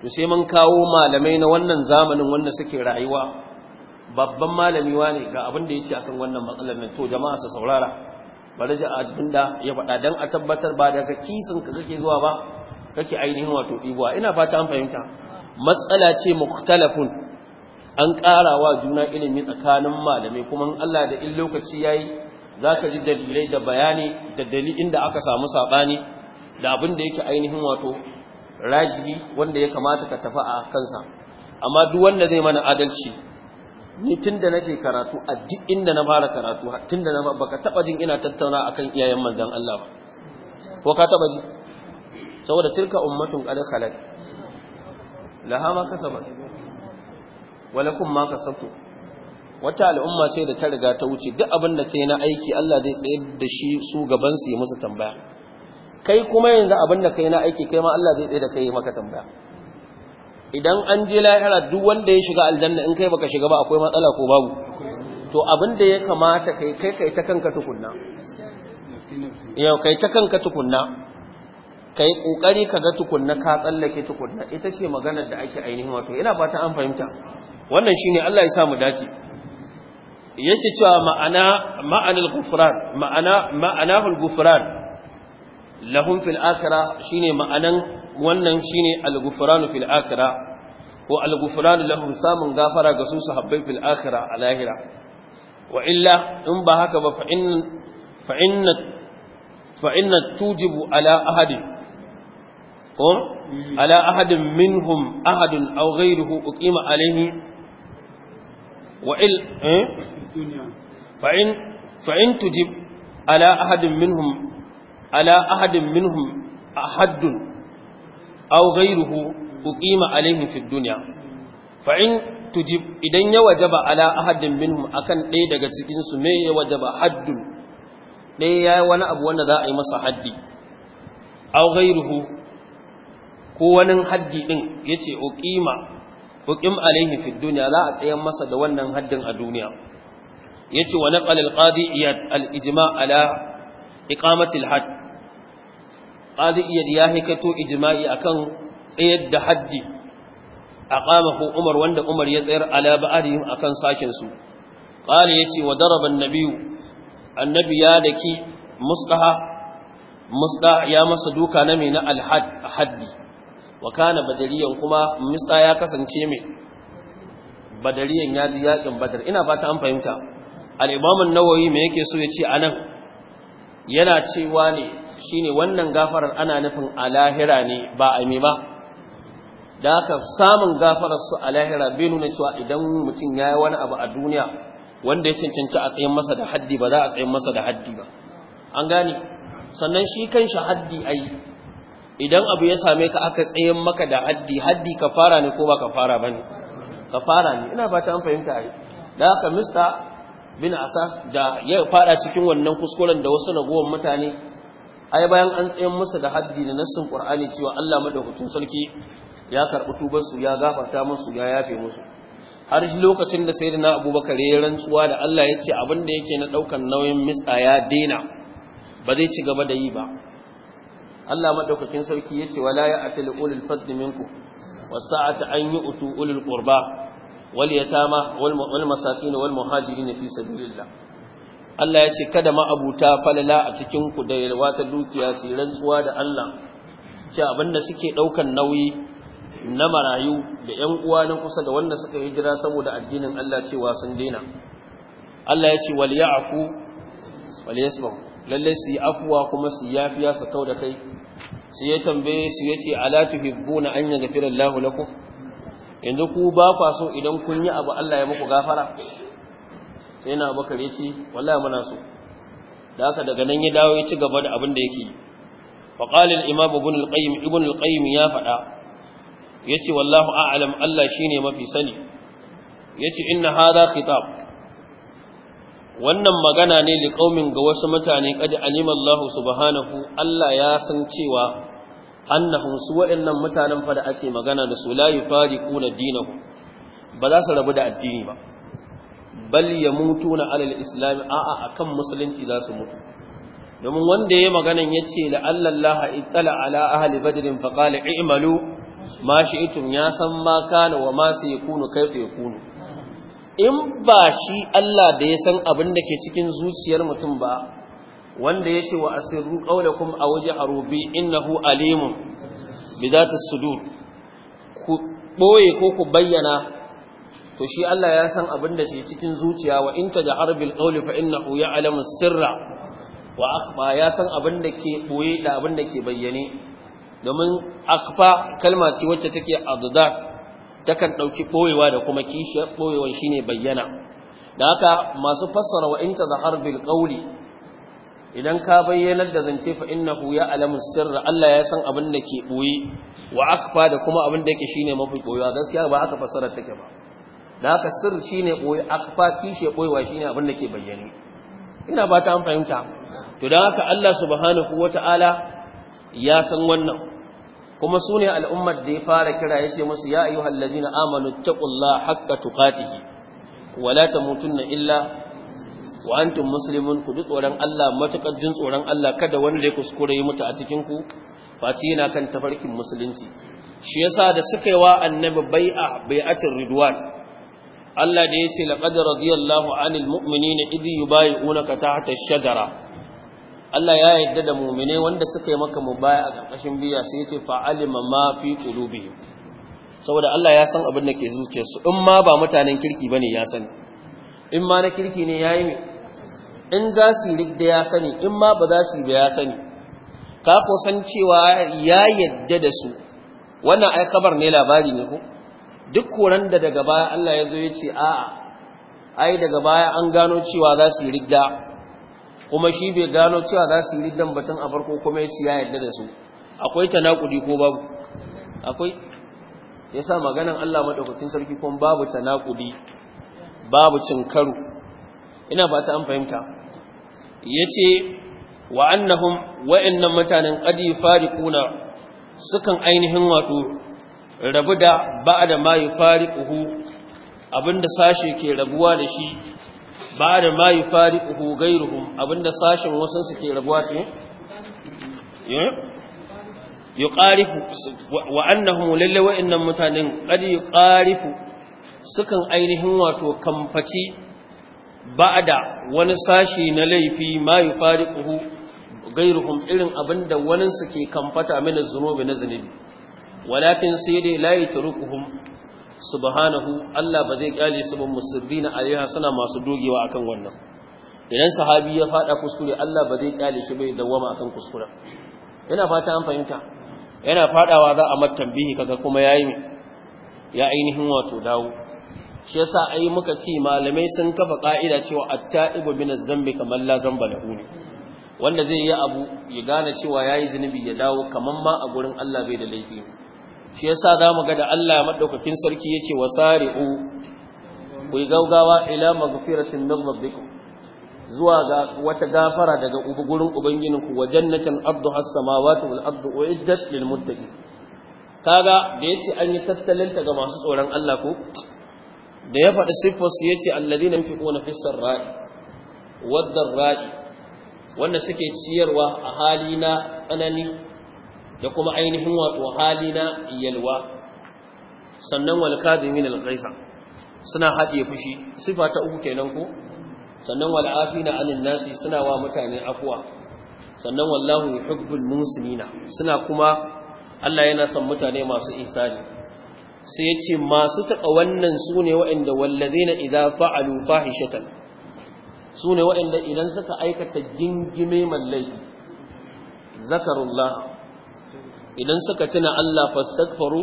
to sai mun kawo malamai na wannan zamanin wanda suke rayuwa babban malami ne ga abin da ya ce akan wannan matsalar nan to jama'a su saurara bari ji abin ya faɗa don a tabbatar ba daga kisan ka kake zuwa ba kake ainihin wato ɗibuwa ina fata an fahimta matsala ce muktalafun an ƙarawa juna ilimi tsakanin malamai kuma Allah da in lokaci yi za ka ji dalilai da bayani da dalilin da aka samu saɓani da abin da yake ainihin wato rajibi wanda ya kamata ka tafi a kansa amma duk wanda zai mana adalci ni tun da nake karatu a duk inda na fara karatu tun da na ka taba jin ina tattauna akan iyayen manzan Allah ba ko ka taba ji saboda tilka ummatun qad khalat laha ma kasaba walakum ma kasabtu wata al'umma sai da ta riga ta wuce duk abin da ta yi na aiki Allah zai tsayar da shi su gaban su yi musu tambaya kai kuma yanzu abin da kai na aiki kai ma Allah zai tsaye da kai maka tambaya idan an je lahira duk wanda ya shiga aljanna in kai baka shiga ba akwai matsala ko babu to abin da ya kamata kai kai kai ta kanka tukunna yau kai ta kanka tukunna kai kokari ga tukunna ka tsallake tukunna ita ce maganar da ake ainihin wato ina fata an fahimta wannan shine Allah ya sa mu dace yake cewa ma'ana ma'anal ghufran ma'ana ma'anahul ghufran lahum fil akhirah shine ma'anan wannan shine al-ghufranu fil akhirah wa al-ghufranu lahum samun gafara ga su sahabbai fil akhirah alahira wa illa in ba haka ba fa in fa inna fa inna tujibu ala ahadi ko ala ahadin minhum ahadun aw ghayruhu uqima alayhi wa il fa in fa in tujib ala ahadin minhum ala ahadin minhum ahadun aw ghayruhu uqima alaihim fid dunya fa in tujib idan ya wajaba ala ahadin minhum akan ɗaya daga cikin su me ya wajaba haddun ɗaya yayi wani abu wanda za a yi masa haddi aw ghayruhu ko wani haddi din yace uqima uqim alaihim fid dunya za a tsayar masa da wannan haddin a duniya yace wa naqal al qadi iyad al ijma ala iqamati al hadd qadi ya ya hikaito ijma'i akan tsayar da haddi aqamahu umar wanda umar ya tsayar ala ba'dihim akan sashin su qali yace wa daraba na biyu annabi ya daki mustaha musta ya masa duka na mai na al-haddi wa kana badariyan kuma musta ya kasance mai badariyan ya ji yaƙin badar ina fata an fahimta al-imam an-nawawi me yake so a nan? yana cewa ne shine wannan gafarar ana nufin alahira ne ba a mi ba da aka samun gafarar su alahira bai nuna cewa idan mutum ya yi wani abu a duniya wanda ya cancanci a tsayin masa da haddi ba za a tsayin masa da haddi ba an gane sannan shi kan shi haddi a yi idan abu ya same ka aka tsayin maka da haddi haddi ka fara ne ko ba ka fara ba ne ka fara ne ina ba ta an fahimta a yi da aka mista bin asas da ya fada cikin wannan kuskuren da wasu ragowar mutane ai bayan an tsayan musu da haddi na nassin qur'ani cewa Allah madaukakin sarki ya karbi tubar ya gafarta musu ya yafe musu har shi lokacin da sayyidina abubakar ya rantsuwa da Allah ya ce abin da yake na ɗaukan nauyin mitsa ya dena ba zai ci gaba da yi ba Allah madaukakin sarki ce wala ya atil ulul fadl minkum wasa'ata an yu'tu ulul qurba واليتامى والمساكين والمهاجرين في سبيل الله fi sabilillah Allah ya ce kada ma falala a cikin ku da yalwa dukiya su rantsuwa da Allah ce abinda suke ɗaukan nauyi na marayu da yan uwa na kusa da wanda suka yi hijira saboda addinin Allah cewa sun daina Allah ya ce wal ya'fu wal yasbu lalle su yi afwa kuma su yafiya su da kai su ya tambaye su yace ala tuhibbuna an yaghfira Allahu lakum yanzu ku ba kwa so idan kun yi abu Allah ya muku gafara sai na bakar ya ce wallahi muna so da haka daga nan ya dawo ya ci gaba da abin da yake fa qala al imam ibn al qayyim ibn al qayyim ya fada yace wallahu a'lam Allah shine mafi sani yace inna hadha khitab wannan magana ne li qaumin ga wasu mutane kad alimallahu subhanahu Allah ya san cewa annahum su wa'annan mutanen fa da ake magana da su la yufariquna dinahum ba za su rabu da addini ba bal yamutuna alal islam a'a akan musulunci za su mutu domin wanda yayi maganan yace la allallaha ittala ala ahli badr fa qala i'malu ma shi'tum ya san ma kana wa ma sayakunu kaifa yakunu in ba shi Allah da ya san abin da ke cikin zuciyar mutum ba wanda yace wa asirru a waje a bi innahu alimun bi zati sudur ku boye ko ku bayyana to shi Allah ya san abin da ke cikin zuciya wa in taj'ar bil qawli fa innahu ya'lamu sirra wa akhfa ya san abin da ke boye da abin da ke bayyane domin akhfa kalma ce wacce take adda takan dauki boyewa da kuma kishiyar boyewan shine bayyana da haka masu fassara wa in harbil bil idan ka bayyanar da zance fa innahu ya alamu sirra Allah ya san abin da ke boye wa akfa da kuma abin da yake shine mafi boyewa gaskiya ba aka fasara take ba da haka sir shine boye akfa kishe boyewa shine abin da ke bayyane ina ba ta an to dan haka Allah subhanahu wataala ya san wannan kuma sune al'ummar da ya fara kira yace musu ya ayyuhal ladina amanu taqullaha haqqa tuqatihi wala tamutunna illa wa antum muslimun ku ji tsoron Allah matakan jin tsoron Allah kada wanda ya kuskure ya mutu a cikin ku faci yana kan tafarkin musulunci shi yasa da suka yi wa annabi bai'a bai'atul ridwan Allah da yace laqad radiyallahu anil mu'minina idh yubayyi'unaka tahta ash-shajara Allah ya yadda da mu'mine wanda suka yi maka mubaya a karkashin biya sai yace alima ma fi qulubihim saboda Allah ya san abin da ke zuciyarsu in ma ba mutanen kirki bane ya sani in ma na kirki ne yayi in za su yi da ya sani in ma ba za su yi ba ya sani ka ko san cewa ya yadda da su wannan ai kabar ne labari ne ko duk koran da daga baya Allah ya zo ya ce a'a ai daga baya an gano cewa za su yi rigda kuma shi bai gano cewa za su yi rigdan batun a farko kuma ya ce ya yadda da su akwai tanakudi ko babu akwai yasa maganan Allah maɗaukacin sarki kuma babu tanakudi babu cin karo ina ba ta an fahimta yace wa annahum wa'annan mutanen qadi fariquna sukan ainihin wato rabu da ba'da ma yufariquhu abinda sashe ke rabuwa da shi ba'da ma yufariquhu gairuhum abinda sashen wasan su ke rabuwa ne eh? yuqarifu wa annahum lillahi wa'annan mutanen qadi yuqarifu sukan ainihin wato kamfaci Ba'ada wani sashi na laifi ma ƙuhu gairuhun irin abinda wani suke ke kamfata mini zunobi na zunobi walakin sai dai layi la su bahanahu, Allah ba zai kyale su ban na alaiha suna masu dogewa akan wannan idan sahabi ya fada kuskure Allah ba zai kyale shi bai dawama akan kuskura. yana fata an fahimta yana fadawa za a bihi, kaga kuma yayi ya ainihin wato dawo shi yasa ai muka ci malamai sun kafa ƙa'ida cewa at-ta'ibu min adh-dhanbi kaman la dhanba lahu wanda zai yi abu ya gane cewa yayi zunubi ya dawo kamar ma a gurin Allah bai da laifi shi yasa zamu ga da Allah madaukakin sarki yace wasari'u ku gaugawa ila maghfiratin min rabbikum zuwa ga wata gafara daga gurin ubanginku wa jannatin arduha as-samawati wal ardu uiddat lil muttaqin kaga da yace an yi tattalinta ga masu tsoron Allah ko da ya faɗi siffos ya ce na fi ƙona fisar ra'i wadda ra'i wanda suke ciyarwa a hali na tsanani da kuma ainihin wato hali na yalwa sannan wal kazimin al suna haɗe fushi siffa ta uku kenan ko sannan wal afina anil nasi suna wa mutane afwa sannan wallahu yuhibbul musinina suna kuma Allah yana son mutane masu isani sai ya ce masu taɓa wannan su ne waɗanda wallaze na idan fa'alu fahishatan su ne wa'inda idan suka aikata gingime mallai zakarullah idan suka tuna Allah fastakfaru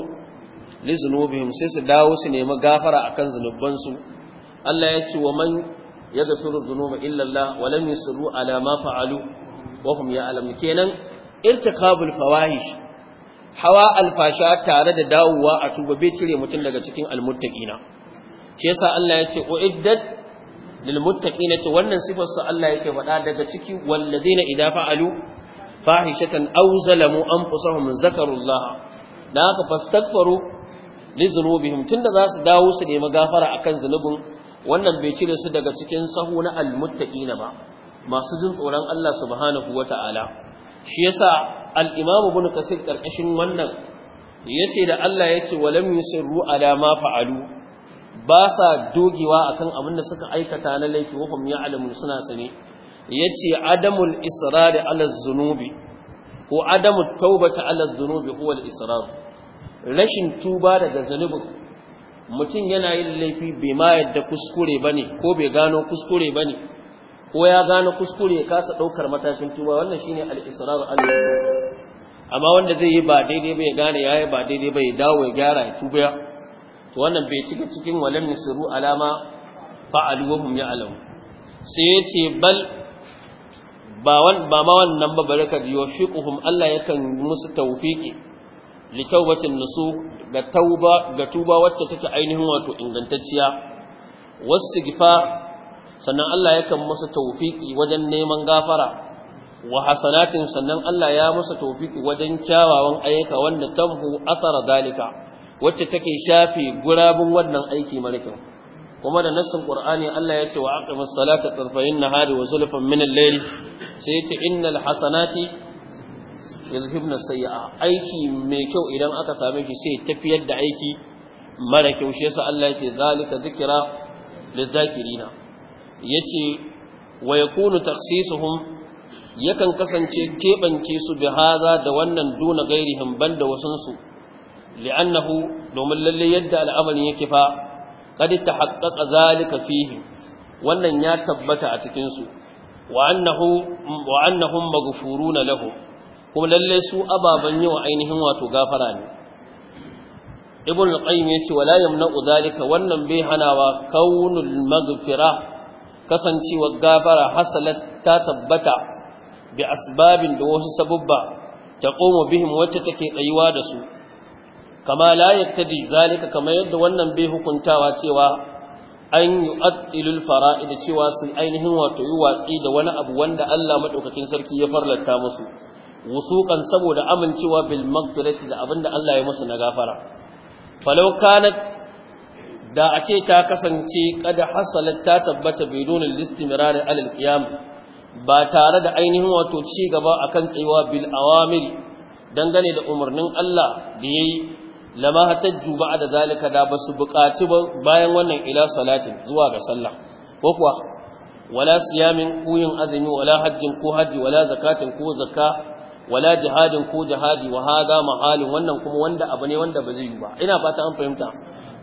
li zunubihim sai su dawo su nemi gafara akan zunubansu Allah ya ce wa man ya dhunuba illa Allah wa lam yusiru ala ma fa'alu wa hum ya'lamun kenan irtikabul fawahish hawa alfasha tare da dawowa a tuba bai cire mutum daga cikin almuttaqina shi yasa Allah ya ce uiddat lil to wannan sifar sa Allah yake faɗa daga ciki walladina idza fa'alu fahishatan aw zalamu anfusahum zakarullah dan haka fastaghfiru li dhunubihim tunda za su dawo su nemi gafara akan zunubin wannan bai cire su daga cikin sahu na almuttaqina ba masu jin tsoron Allah subhanahu wataala shi yasa al-imam ibn kasir karkashin wannan yace da Allah yace walam yusirru ala ma fa'alu ba sa dogewa akan abin da suka aikata na laifi wa hum ya'lamun suna sane yace adamul israr ala zunubi ko adamut ta ala zunubi huwa al-israr rashin tuba daga zanubin mutum yana yin laifi bai ma yadda kuskure ba ne ko bai gano kuskure ba ne ko ya gane kuskure ya kasa ɗaukar matakin tuba wannan shine al-israr al amma wanda zai yi ba daidai ba ya gane yayi ba daidai ba ya dawo ya gyara ya tuba to wannan bai cika cikin walam nisru alama fa alwahum hum sai yace bal ba ma wannan ba barakar yofiquhum Allah yakan musu tawfiki li tawbatin nusu ga tauba ga tuba wacce take ainihin wato ingantacciya Wasu gifa sannan Allah yakan masa tawfiki wajen neman gafara wa hasanatin sannan Allah ya masa tawfiki wajen kyawawan ayyuka wanda tamhu athara dalika wacce take shafe gurabun wannan aiki malikin kuma da nassin Qur'ani Allah ya ce wa aqimus salata tarfayin nahari wa zulfan min al-layl sai ya ce innal hasanati yuzhibna sayyi'a aiki mai kyau idan aka same shi sai tafiyar da aiki mara kyau shi yasa Allah ya ce zalika dhikra lidh-dhakirina yace wa yakunu takhsisuhum yakan kasance keɓance su bi haza da wannan duna gairihim banda wasunsu li'annahu domin lalle yadda al'amarin yake fa ta tahaqqaqa zalika fihi wannan ya tabbata a cikin su wa annahu wa annahum lahu kuma lalle su ababen yi wa ainihin wato gafara ne ibn al-qayyim yace wala yamna'u zalika wannan bai hanawa kaunul maghfira kasancewar gafara hasalat ta tabbata bi asbabin da wasu sabubba ta komo bihin wacce take tsayuwa da su kama la yaktadi zalika kama yadda wannan bai hukuntawa cewa an yu'attilul fara'ida cewa sun ainihin wato yi watsi da wani abu wanda Allah madaukakin sarki ya farlata musu wusukan saboda amincewa bil magfirati da da Allah ya musu na gafara falau kanat da a ce ta kasance kada hasalar ta tabbata bai listimirarin alal qiyam ba tare da ainihin wato ci gaba a kan tsayuwa bil dangane da umarnin Allah da yi lama hatajju da zalika da ba basu buƙaci bayan wannan ila salatin zuwa ga sallah ko kuwa wala siyamin kuyin azumi wala hajjin ko haji wala zakatin ko zakka wala jihadin ko jihadi wa hada mahalin wannan kuma wanda abu ne wanda ba zai yi ba ina fata an fahimta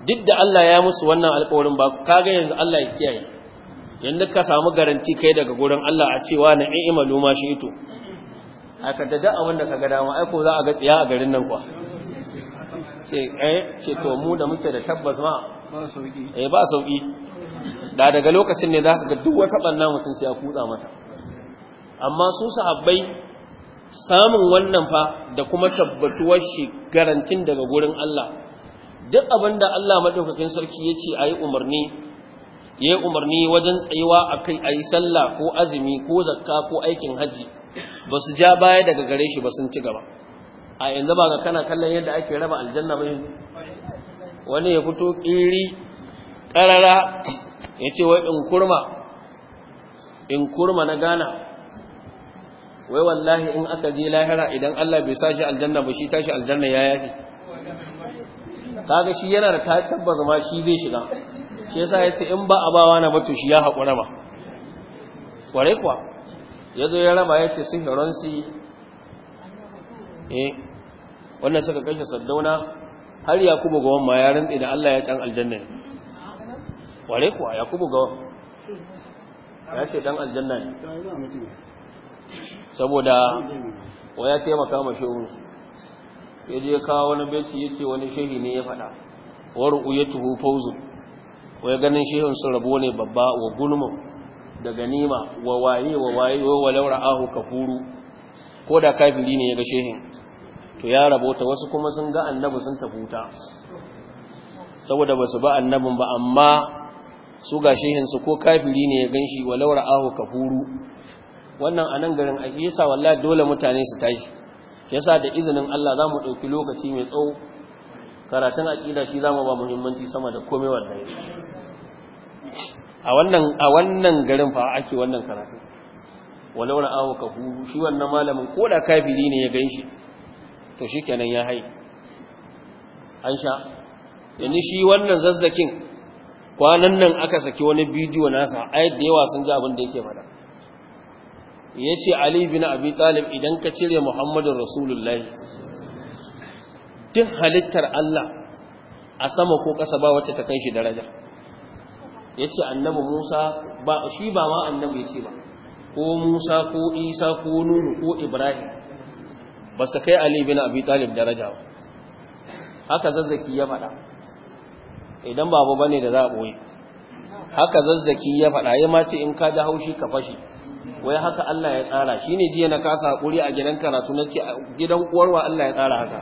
duk da Allah ya musu wannan alkawarin ba kaga yanzu Allah ya kiyaye yanda ka samu garanti kai daga gurin Allah a cewa na in i'malu ma shi ito aka da da'a wanda kaga dama ai ko za a ga tsiya a garin nan kwa ce eh ce to mu da muke da tabbas ma ba sauki eh ba sauki da daga lokacin ne zaka ga duk wata banna mutun sai ya kutsa mata amma su sahabbai samun wannan fa da kuma tabbatuwar shi garantin daga gurin Allah duk abin da Allah maɗaukakin sarki ya ce a yi umarni ya yi umarni wajen tsayuwa a kai a yi sallah ko azumi ko zakka ko aikin hajji ba su ja baya daga gare shi ba sun ci gaba a yanzu ba ga kana kallon yadda ake raba aljanna ba wani ya fito ƙiri ƙarara ya ce wai in kurma in kurma na gana wai wallahi in aka je lahira idan Allah bai sa shi aljanna ba shi tashi aljanna ya yafi kaga shi yana da tabbar ma shi zai shiga shi yasa ya ce in ba a bawa na bato shi ya haƙura ba kware kuwa ya zo ya raba ya ce sun hiransu eh wannan suka kashe saddauna har yakubu ga ma ya rantse da Allah ya can aljanna ne ƙware kuwa yakubu gawan ya ce dan aljanna ne saboda wa ya taimaka mashi umu ya je kawo wani beti ya ce wani shehi ne ya faɗa uya tuhu fawzun wai ganin shehin su rabo ne babba wa gulmun da ganima wa waye wa waye wa walau ra'ahu kafuru ko da kafiri ne ya ga shehin to ya rabota wasu kuma sun ga annabi sun tafuta saboda ba su ba annabin ba amma su ga shehin su ko kafiri ne ya ganshi walau ra'ahu kafuru wannan nan garin a isa wallahi dole mutane su tashi yasa da izinin Allah za mu ɗauki lokaci mai tsawo karatun aƙida shi za mu ba muhimmanci sama da komai wanda a wannan a wannan garin fa ake wannan karatun walau ka hu shi wannan malamin ko da kafiri ne ya ganshi to shikenan ya hai an sha yanzu shi wannan zazzakin kwanan nan aka saki wani bidiyo nasa ayyadda yawa sun ji abin da yake faɗa ya ce ali bin abi talib idan ka cire muhammadun Rasulullah duk halittar allah a sama ko ƙasa ba wacce ta kan shi daraja ya ce annabi musa ba shi ba ma annabi ya ce ba ko musa ko isa ko Nuhu, ko ibrahim ba su kai ali bin abi talib daraja ba haka zazzaki ya faɗa idan babu bane da za a ɓoye haka zazzaki ya faɗa ya mace in ka ji haushi ka fashi wai haka Allah ya tsara shi ne jiya na kasa hakuri a gidan karatu na ce gidan uwarwa Allah ya tsara haka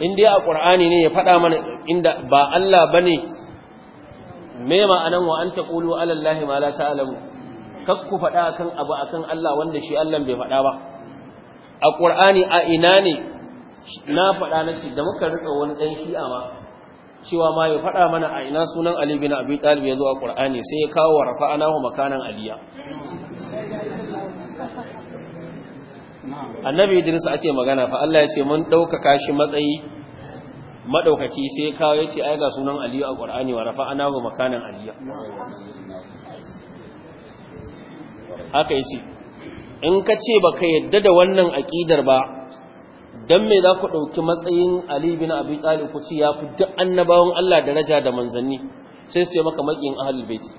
in dai a qur'ani ne ya faɗa mana inda ba Allah bane me ma'anan wa an taƙulu ala ma la kak ku faɗa akan abu akan Allah wanda shi Allah bai faɗa ba a qur'ani a ina ne na faɗa nace da muka rika wani dan shi'a ma cewa ma ya faɗa mana a ina sunan Ali bin Abi Talib ya zo a Qur'ani sai ya kawo rafa'anahu makanan aliya Annabi Idris ake magana fa Allah ya ce mun dauka kashi matsayi madaukaki sai kawo yace ai ga sunan Ali a Qur'ani wa rafa'anahu makanan aliya haka yace in ka ce baka yadda da wannan aqidar ba dan me za ku ɗauki matsayin Ali bin Abi Talib ku ci ya fi duk annabawan Allah daraja da manzanni sai su yi maka maƙin ahlul baiti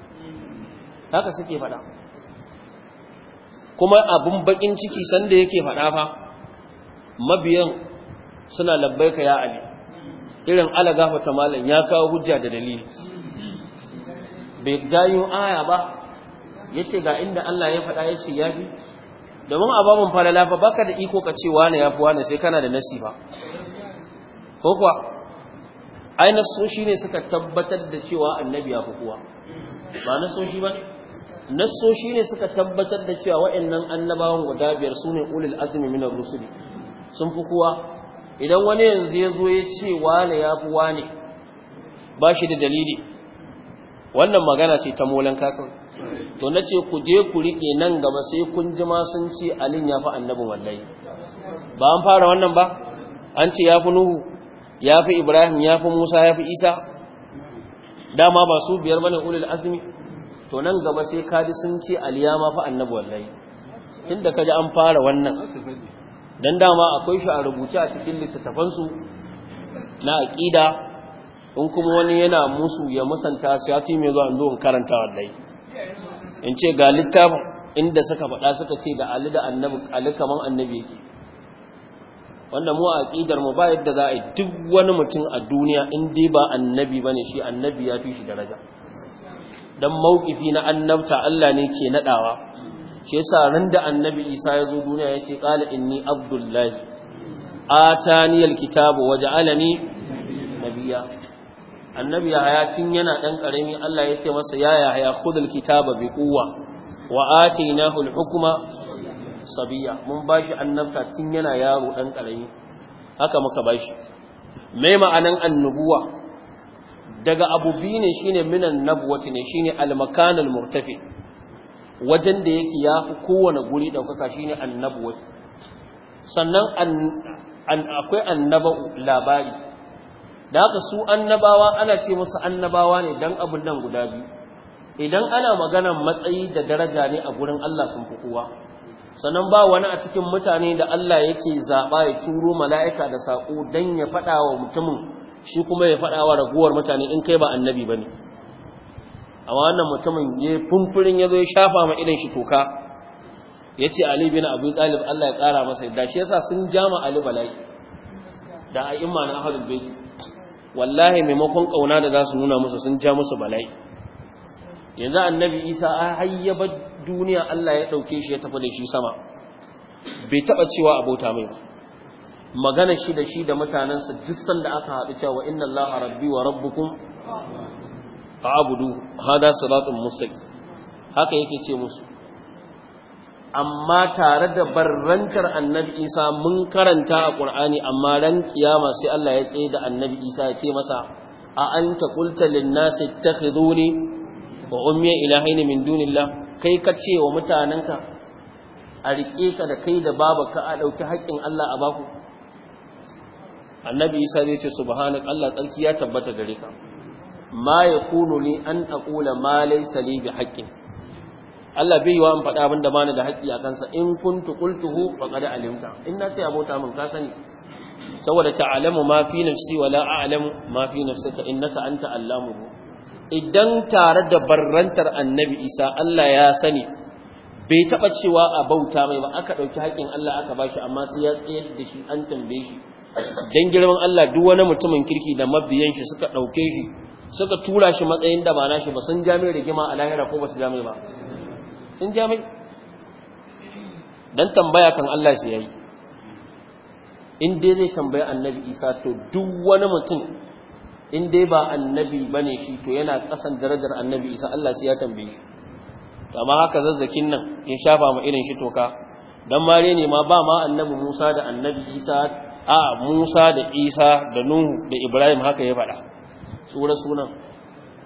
haka suke faɗa kuma abun bakin ciki sanda yake faɗa fa mabiyan suna labbaika ya Ali irin gafa ta malam ya kawo hujja da dalili bai jayo aya ba yace ga inda Allah ya faɗa yace yafi domin a babin falala fa baka da iko ka ce wane yafi wane sai kana da nasi ba ko kuwa ai nasoshi ne suka tabbatar da cewa annabi ya fi kuwa. ba nasoshi ba nasoshi ne suka tabbatar da cewa wa'annan annabawan guda biyar su ne ulil azmi minar rusuli sun fi kuwa? idan wani yanzu ya zo ya ce wane ya fi wane ba shi da dalili wannan magana ce ta molan kakan to na ce ku je ku riƙe nan gaba sai kun ji ma sun ce alin ya fi annabi wallahi ba an fara wannan ba an ce ya fi nuhu ya fi ibrahim ya fi musa ya fi isa dama ba su biyar bane ulil azmi to nan gaba sai ka ji sun ce aliya ma fi annabi wallahi inda ka ji an fara wannan dan dama akwai shi a rubuce a cikin littattafansu na aƙida in kuma wani yana musu ya musanta su ya fi mai zuwa an zo in karanta wallahi in ce ga littafin inda suka faɗa suka ce da ali da annabi ali kaman annabi yake wanda mu a aqidar mu ba yadda za a yi duk wani mutum a duniya in dai ba annabi bane shi annabi ya fi shi daraja dan mauqifi na annabta Allah ne ke nadawa shi yasa ran da annabi Isa ya zo duniya ya ce qala inni abdullahi atani alkitabu waj'alani nabiyya annabi yahaya tun yana dan karami Allah ya ce masa ya yahaya khudul kitaba bi quwwa wa atainahu al-hukma sabiya mun bashi annabta tun yana yaro dan karami haka muka bashi me ma'anan annubuwa daga abu biyu ne shine minan nabwati ne shine al-makan al-murtafi wajen da yake yafi kowane guri daukaka shine annabwati sannan akwai annaba labari da haka su annabawa ana ce musu annabawa ne dan abin nan guda biyu idan ana magana matsayi da daraja ne a gurin Allah sun fi kowa sannan ba wani a cikin mutane da Allah yake zaba ya turo mala'ika da sako dan ya fada wa mutumin shi kuma ya fada wa raguwar mutane in kai ba annabi bane amma wannan mutumin ya funfurin ya zo ya shafa ma idan shi toka yace Ali bin Abi Talib Allah ya kara masa yadda shi yasa sun jama Ali bala'i da a'imma na ahlul bait wallahi maimakon kauna da za su nuna musu sun ja musu bala'i yanzu annabi isa a hayyaba duniya allah ya ɗauke shi ya tafi da shi sama bai taɓa cewa abota mai magana shi da shi da mutanensa duk sanda aka haɗu cewa inna allaha rabbi wa rabbukum fa'budu hada siratun mustaqim haka yake ce musu amma tare da barrantar annabi isa mun karanta a ƙur'ani amma ran kiyama sai Allah ya tsaye da annabi isa ya ce masa a an ta kulta linnasi ta khiduni wa ummiya ilahaini min dunillah kai ka ce wa mutanenka a riƙe ka da kai da baba ka a ɗauki haƙƙin Allah a baku annabi isa zai ce subhanak Allah tsarki ya tabbata gare ka ma Kuno li an aqula ma laysa li bi Allah bai yiwa in faɗa abin da bani da haƙƙi a kansa in kuntu qultuhu faqad alimta in na ce abota mun ka sani saboda ta'alamu ma fi nafsi wa la a'lamu ma fi nafsika innaka anta allamuhu idan tare da barrantar annabi Isa Allah ya sani bai taba cewa a bauta mai ba aka dauki haƙƙin Allah aka bashi amma sai ya tsayar da shi an tambaye shi dan girman Allah duk wani mutumin kirki da mabiyan shi suka dauke shi suka tura shi matsayin da ba nashi ba sun ja mai rigima a lahira ko ba su ja mai ba sun ja mai dan tambaya kan Allah shi yayi in dai zai tambaya annabi Isa to duk wani mutum in dai ba annabi bane shi to yana kasan darajar annabi Isa Allah shi ya tambaye shi amma haka zazzakin nan ya shafa ma irin shi toka dan mare ne ma ba ma annabi Musa da annabi Isa a Musa da Isa da Nuhu da Ibrahim haka ya faɗa sura sunan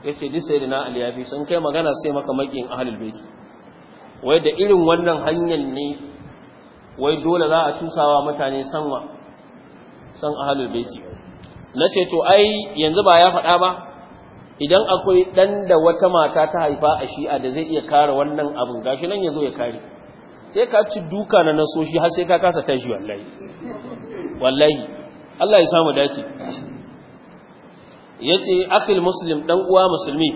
yace duk sayyidina Ali ya fi sun kai magana sai maka makin ahlul baiti wai da irin wannan hanyar ne wai dole za a tusawa mutane sanwa san ahalul baiti na ce to ai yanzu ba ya faɗa ba idan akwai ɗan da wata mata ta haifa a shi'a da zai iya kare wannan abin gashi nan ya zo ya kare sai ka ci duka na nasoshi har sai ka kasa tashi wallahi wallahi Allah ya samu dace yace akil muslim ɗan uwa musulmi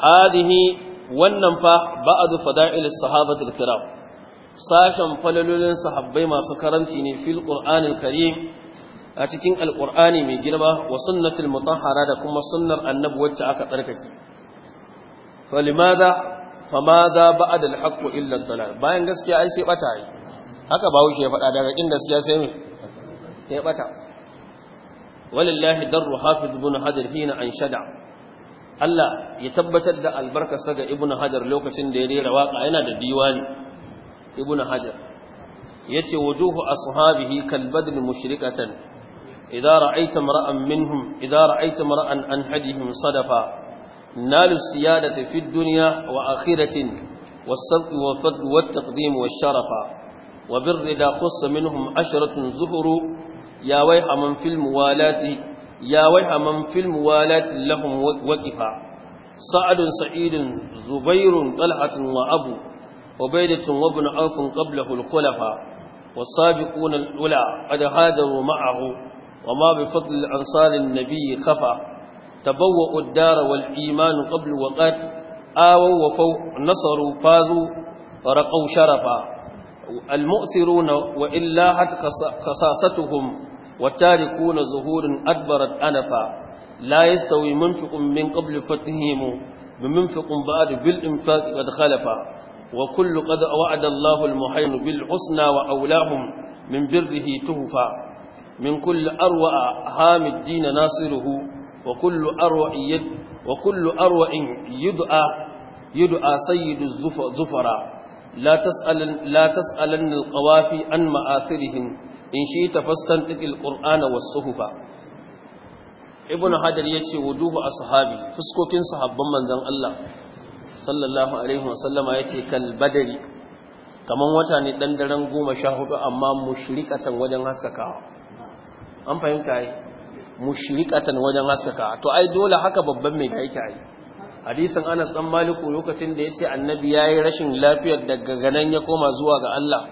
hadihi wannan fa ba'adu Fadailu sahabatul Kira sashen falalolin sahabbai masu karanci ne fil qur'anil a cikin Alƙur'ani mai girma wa sunnatul mutahara da kuma sunnar annabi wacce aka tsarkake falimada famada ba'da da illa ad-dalal bayan gaskiya ai sai ɓata yi. haka ba wuce ya faɗa daga ƙin gaskiya sai me sai bata walillahi darru hafiz ibn hajar hina an shada Allah ya tabbatar da albarkarsa ga Ibn Hajar lokacin da ya rera waka yana da diwani Ibn Hajar yace wujuhu ashabihi kal badr mushrikatan idza ra'aita mar'an minhum idza ra'aita mar'an an hadihim sadafa nalu siyadati fid dunya wa akhiratin والسبق والفضل والتقديم والشرف وبالرضا قص منهم عشرة زهر يا ويح من في الموالاة يا waiha من في الموالاة لهم وقفا سعد سعيد زبير طلعة وأبو abu وابن عوف قبله الخلفاء qablahu الأولى قد هادروا معه وما بفضل الأنصار النبي خفى تبوأوا الدار والإيمان قبل وقت آووا وفوق نصروا فازوا ورقوا شرفا المؤثرون وإلا حتى خصاصتهم والتاركون ظهور أدبرت أنفا لا يستوي منفق من قبل فتههم بمنفق بعد بالإنفاق قد خلفا وكل قد وعد الله المحين بالحسنى وأولاهم من بره تهفا من كل أروع هام الدين ناصره وكل أروع يد وكل أروع يدعى يدعى سيد الزفرة لا تسألن, لا تسألن القوافي عن مآثرهم in shi tafastan ɗiƙil ƙur'ana wasu hufa ibn hadar ya ce wuduhu a sahabi fuskokin sahabban manzan Allah sallallahu alaihi wasallama ya ce kalbadari kamar wata ne ɗan daren goma sha hudu amma mushrikatan wajen haskakawa an fahimta yi mushrikatan wajen haskakawa to ai dole haka babban mai yake yi. hadisin anas tsan maliku lokacin da ya ce annabi ya yi rashin lafiyar daga ganan ya koma zuwa ga Allah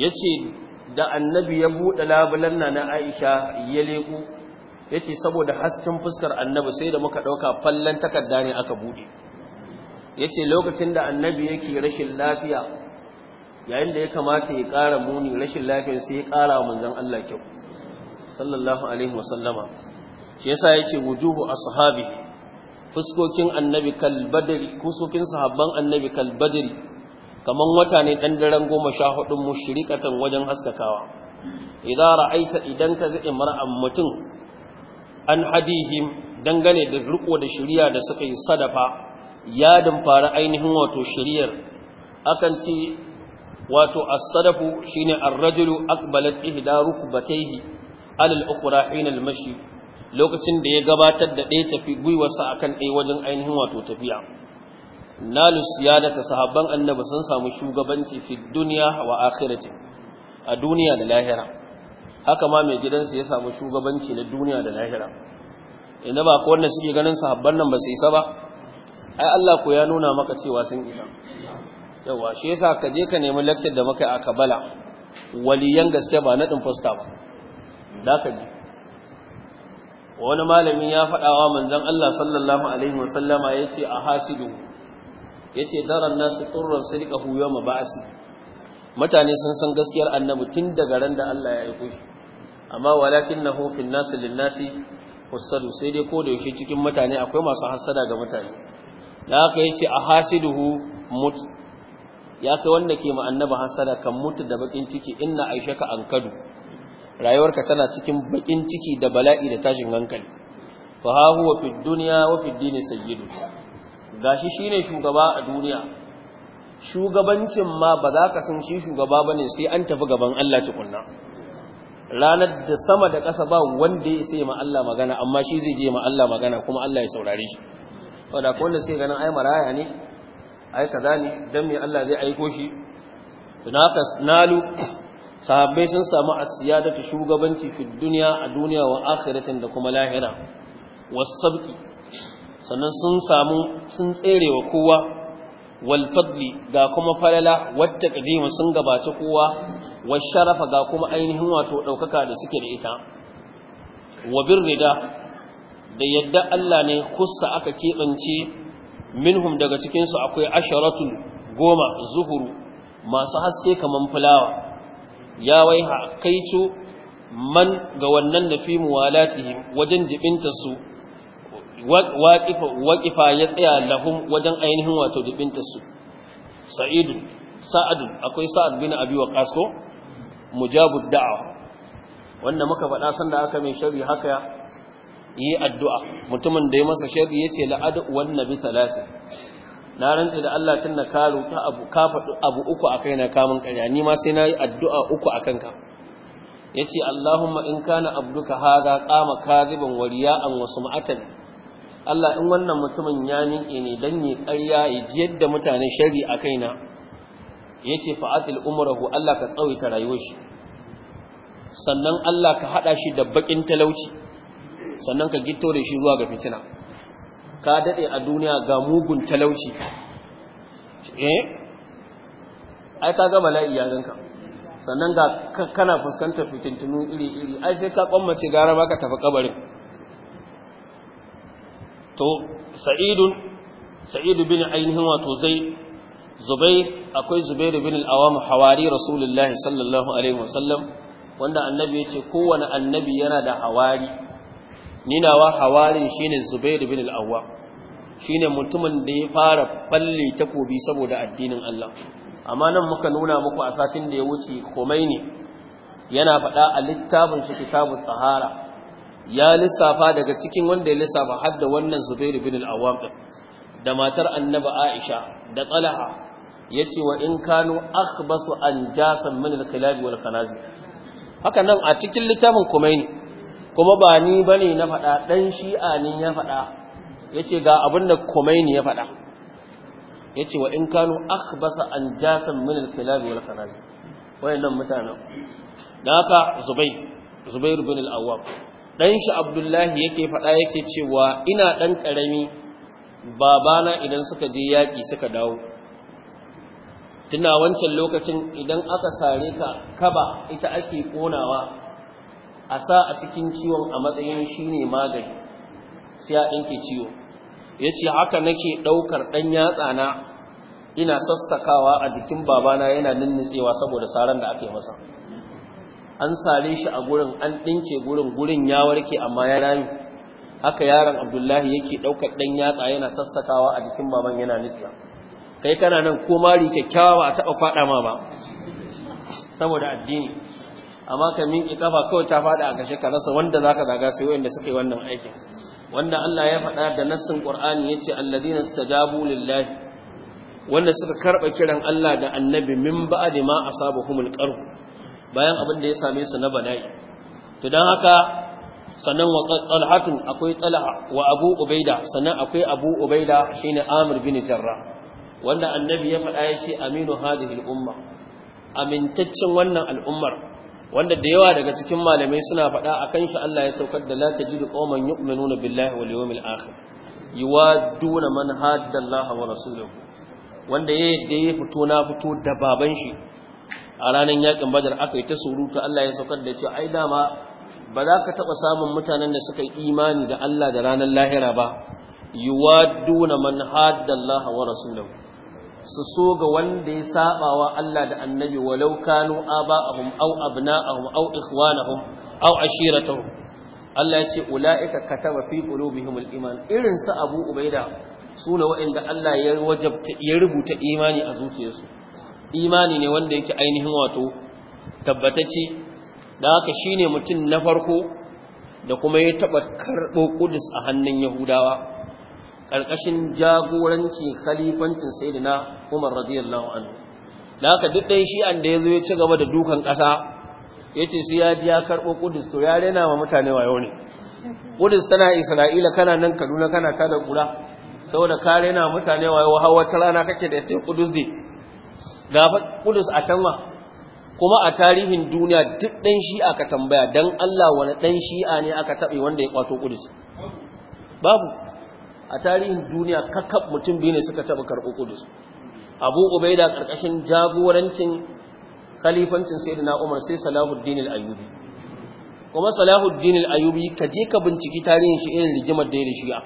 ya ce da annabi ya buɗe labulan na na aisha ya leku ya ce saboda hasken fuskar annabi sai da muka ɗauka fallon takarda ne aka buɗe ya ce lokacin da annabi yake rashin lafiya yayin da ya kamata ya ƙara muni rashin lafiya sai ya ƙara wa manzan Allah kyau sallallahu alaihi wasallama shi yasa ya ce wujuhu ashabi fuskokin annabi kalbadari fuskokin sahabban annabi kalbadari kaman wata ne dan daren goma sha hudun mushrikatan wajen haskakawa idan ra'aita idan ka zai mar'an mutum an hadihim dangane da riko da shari'a da suka yi sadafa ya fara ainihin wato shari'ar akan ce wato as-sadafu shine ar-rajulu aqbalat ihda rukbatayhi ala al-ukhra hina al-mashi lokacin da ya gabatar da ɗaya tafi gwiwarsa akan ɗaya wajen ainihin wato tafiya nalu siyadata sahabban annaba sun samu shugabanci fi duniya wa akhirati a duniya da lahira haka ma mai gidansa ya samu shugabanci na duniya da lahira inda ba ko wanda suke ganin sahabban nan ba su isa ba ai Allah ko ya nuna maka cewa sun isa yawa shi yasa ka je ka nemi lecture da muka yi a Kabala waliyan gaske ba na din fosta ba da ka ji wani malami ya faɗawa manzon Allah sallallahu alaihi wasallama yace a hasidu Ya ce daran nasu turran ma yawma su. mutane sun san gaskiyar annabu tun daga ran da Allah ya aiko shi amma walakin na hofin nasu linnasi hussadu sai dai ko da yaushe cikin mutane akwai masu hassada ga mutane da haka a ahasiduhu mut ya kai wanda ke ma annabi hassada kan mutu da bakin ciki inna aishaka kadu. rayuwarka tana cikin bakin ciki da bala'i da tashin hankali fa wa fid dunya wa fid dini sayyidu gashi shine shugaba a duniya shugabancin ma ba za ka san shi shugaba bane sai an tafi gaban Allah tukunna ranar da sama da ƙasa ba wanda ya sai ma Allah magana amma shi zai je ma Allah magana kuma Allah ya saurare shi wanda ko wanda sai ganin ai maraya ne ai kaza ne dan me Allah zai aiko shi tunaka nalu sahabbai sun samu asiyadatu shugabanci fi duniya a duniya wa akhiratin da kuma lahira wasabki sannan sun samu sun tsere wa kowa wal ga kuma falala wata kadima sun gabata, kowa wal sharafa ga kuma ainihin wato ɗaukaka da suke da ita wa birrida da yadda Allah ne kusa aka kebance minhum daga cikin su akwai asharatun goma zuhuru masu haske kaman fulawa ya waiha kaicu man ga wannan nafi muwalatihim wajen jibinta su waƙifa ya tsaya lahum wajen ainihin wato su. sa'idu sa'adu akwai sa'ad bin abi wa kasko mujabud daa wanda muka faɗa sanda aka mai shari haka yi addu'a mutumin da ya masa shari ya ce la'adu wannan nabi salasin na rantsi da Allah tun na karu ta abu ka faɗi abu uku a kai na kamun karya, ni ma sai na yi addu'a uku a kanka ya ce Allahumma in kana abduka haga ƙama wariya an wasu ma'atan Allah in wannan mutumin ya miƙe ne don yi ƙarya ya ji yadda mutane shari a kaina ce fa'atil umarahu Allah ka ta rayuwar shi sannan Allah ka hada shi da bakin talauci sannan ka gito da shi zuwa ga fitina ka dade a duniya ga mugun talauci eh ai ka ga bala'i ya ganka sannan ga kana fuskantar fitintunu iri iri ai sai ka ce gara ka tafi kabarin to sa'idun sa'idu bin ainihin wato zai zubai akwai Zubairu bin al hawari rasulullahi sallallahu alaihi wasallam wanda annabi yace kowane annabi yana da hawari ninawa hawarin ne Zubairu bin al shi shine mutumin da ya fara falle takobi saboda addinin Allah amma nan muka nuna muku a satin da ya wuce komai ne, yana faɗa a littafin shi kitabu tsahara ya lissafa daga cikin wanda ya lissafa har da wannan Zubair bin al-Awwam da matar Annabi Aisha da Talha yace wa in kanu akhbasu an jasan min al-khilab wal khanazi haka nan a cikin littafin Kumaini kuma ba ni bane na faɗa dan Shi'a ne ya faɗa yace ga abinda Kumaini ya faɗa yace wa in kanu akhbasu an jasan min al-khilab wal khanazi wayannan mutanen da haka Zubair Zubair bin al-Awwam dan shi abdullahi yake faɗa yake cewa ina ɗan ƙarami babana idan suka je yaƙi suka dawo tuna wancan lokacin idan aka sare ka kaba ita ake ƙonawa a sa a cikin ciwon a matsayin shi ne magani sai a ɗinke ciwo ya ce haka nake ɗaukar ɗan yatsa na ina sassakawa a jikin babana yana ninnitsewa saboda saran da ake masa an sare shi a gurin an ɗinke gurin gurin ya warke amma ya rami haka yaron abdullahi yake ɗaukar ɗan yatsa yana sassakawa a jikin baban yana nisa kai kana nan ko mari kyakkyawa ba a taɓa faɗa ma ba saboda addini amma ka minki kafa kawai ta faɗa a gashe ka rasa wanda za ka daga sai wanda suka yi wannan aikin wanda Allah ya faɗa da nassin Qur'ani yace alladina Sajabu lillahi wanda suka karɓa kiran Allah da annabi min ba'di ma asabahumul qarh bayan abin da ya same su na bala'i to dan haka sannan wa talhatun akwai talha wa abu ubaida sannan akwai abu ubaida shine amir bin jarra, wanda annabi ya faɗa ya ce aminu hadhihi al amintaccen wannan al'ummar wanda da yawa daga cikin malamai suna faɗa akan shi Allah ya saukar da la tajidu qauman yu'minuna billahi wal yawmil akhir yuwaduna man hadda wa rasuluhu wanda ya da ya fito na fito da baban shi a ranar yakin badar aka yi ta surutu Allah ya saukar da cewa ai dama ba za ka taɓa samun mutanen da suka yi imani da Allah da ranar lahira ba yuwadduna man hadda Allah wa rasulahu su so ga wanda ya saba wa Allah da annabi walau kanu aba'ahum aw abna'ahum aw ikhwanahum aw ashiratahum Allah ya ce ula'ika kataba fi qulubihimul iman irin su Abu Ubaida su ne waɗanda Allah ya wajabta ya rubuta imani a zuciyarsu imani ne wanda yake ainihin wato tabbatacce da haka shine mutum na farko da kuma ya taba karɓo ƙudus a hannun yahudawa karkashin jagoranci khalifancin sayyidina Umar radiyallahu anhu da haka duk dai shi'an da zo ya ci gaba da dukan kasa yace su ya ji ya karbo kudus to ya rena wa mutane wayo ne kudus tana Isra'ila kana nan Kaduna kana ta da kura saboda ka rena mutane wayo har wata rana kake da ta kudus din gafa kudus a tanwa kuma a tarihin duniya duk ɗan shi'a ka tambaya dan Allah wani ɗan shi'a ne aka taɓe wanda ya kwato kudus babu a tarihin duniya kakab mutum biyu ne suka taɓa karɓo kudus abu ubaida ƙarƙashin jagorancin khalifancin sayyidina umar sai salahuddin al-ayyubi kuma salahuddin al-ayyubi ka je ka binciki tarihin shi irin rigimar da ya shi'a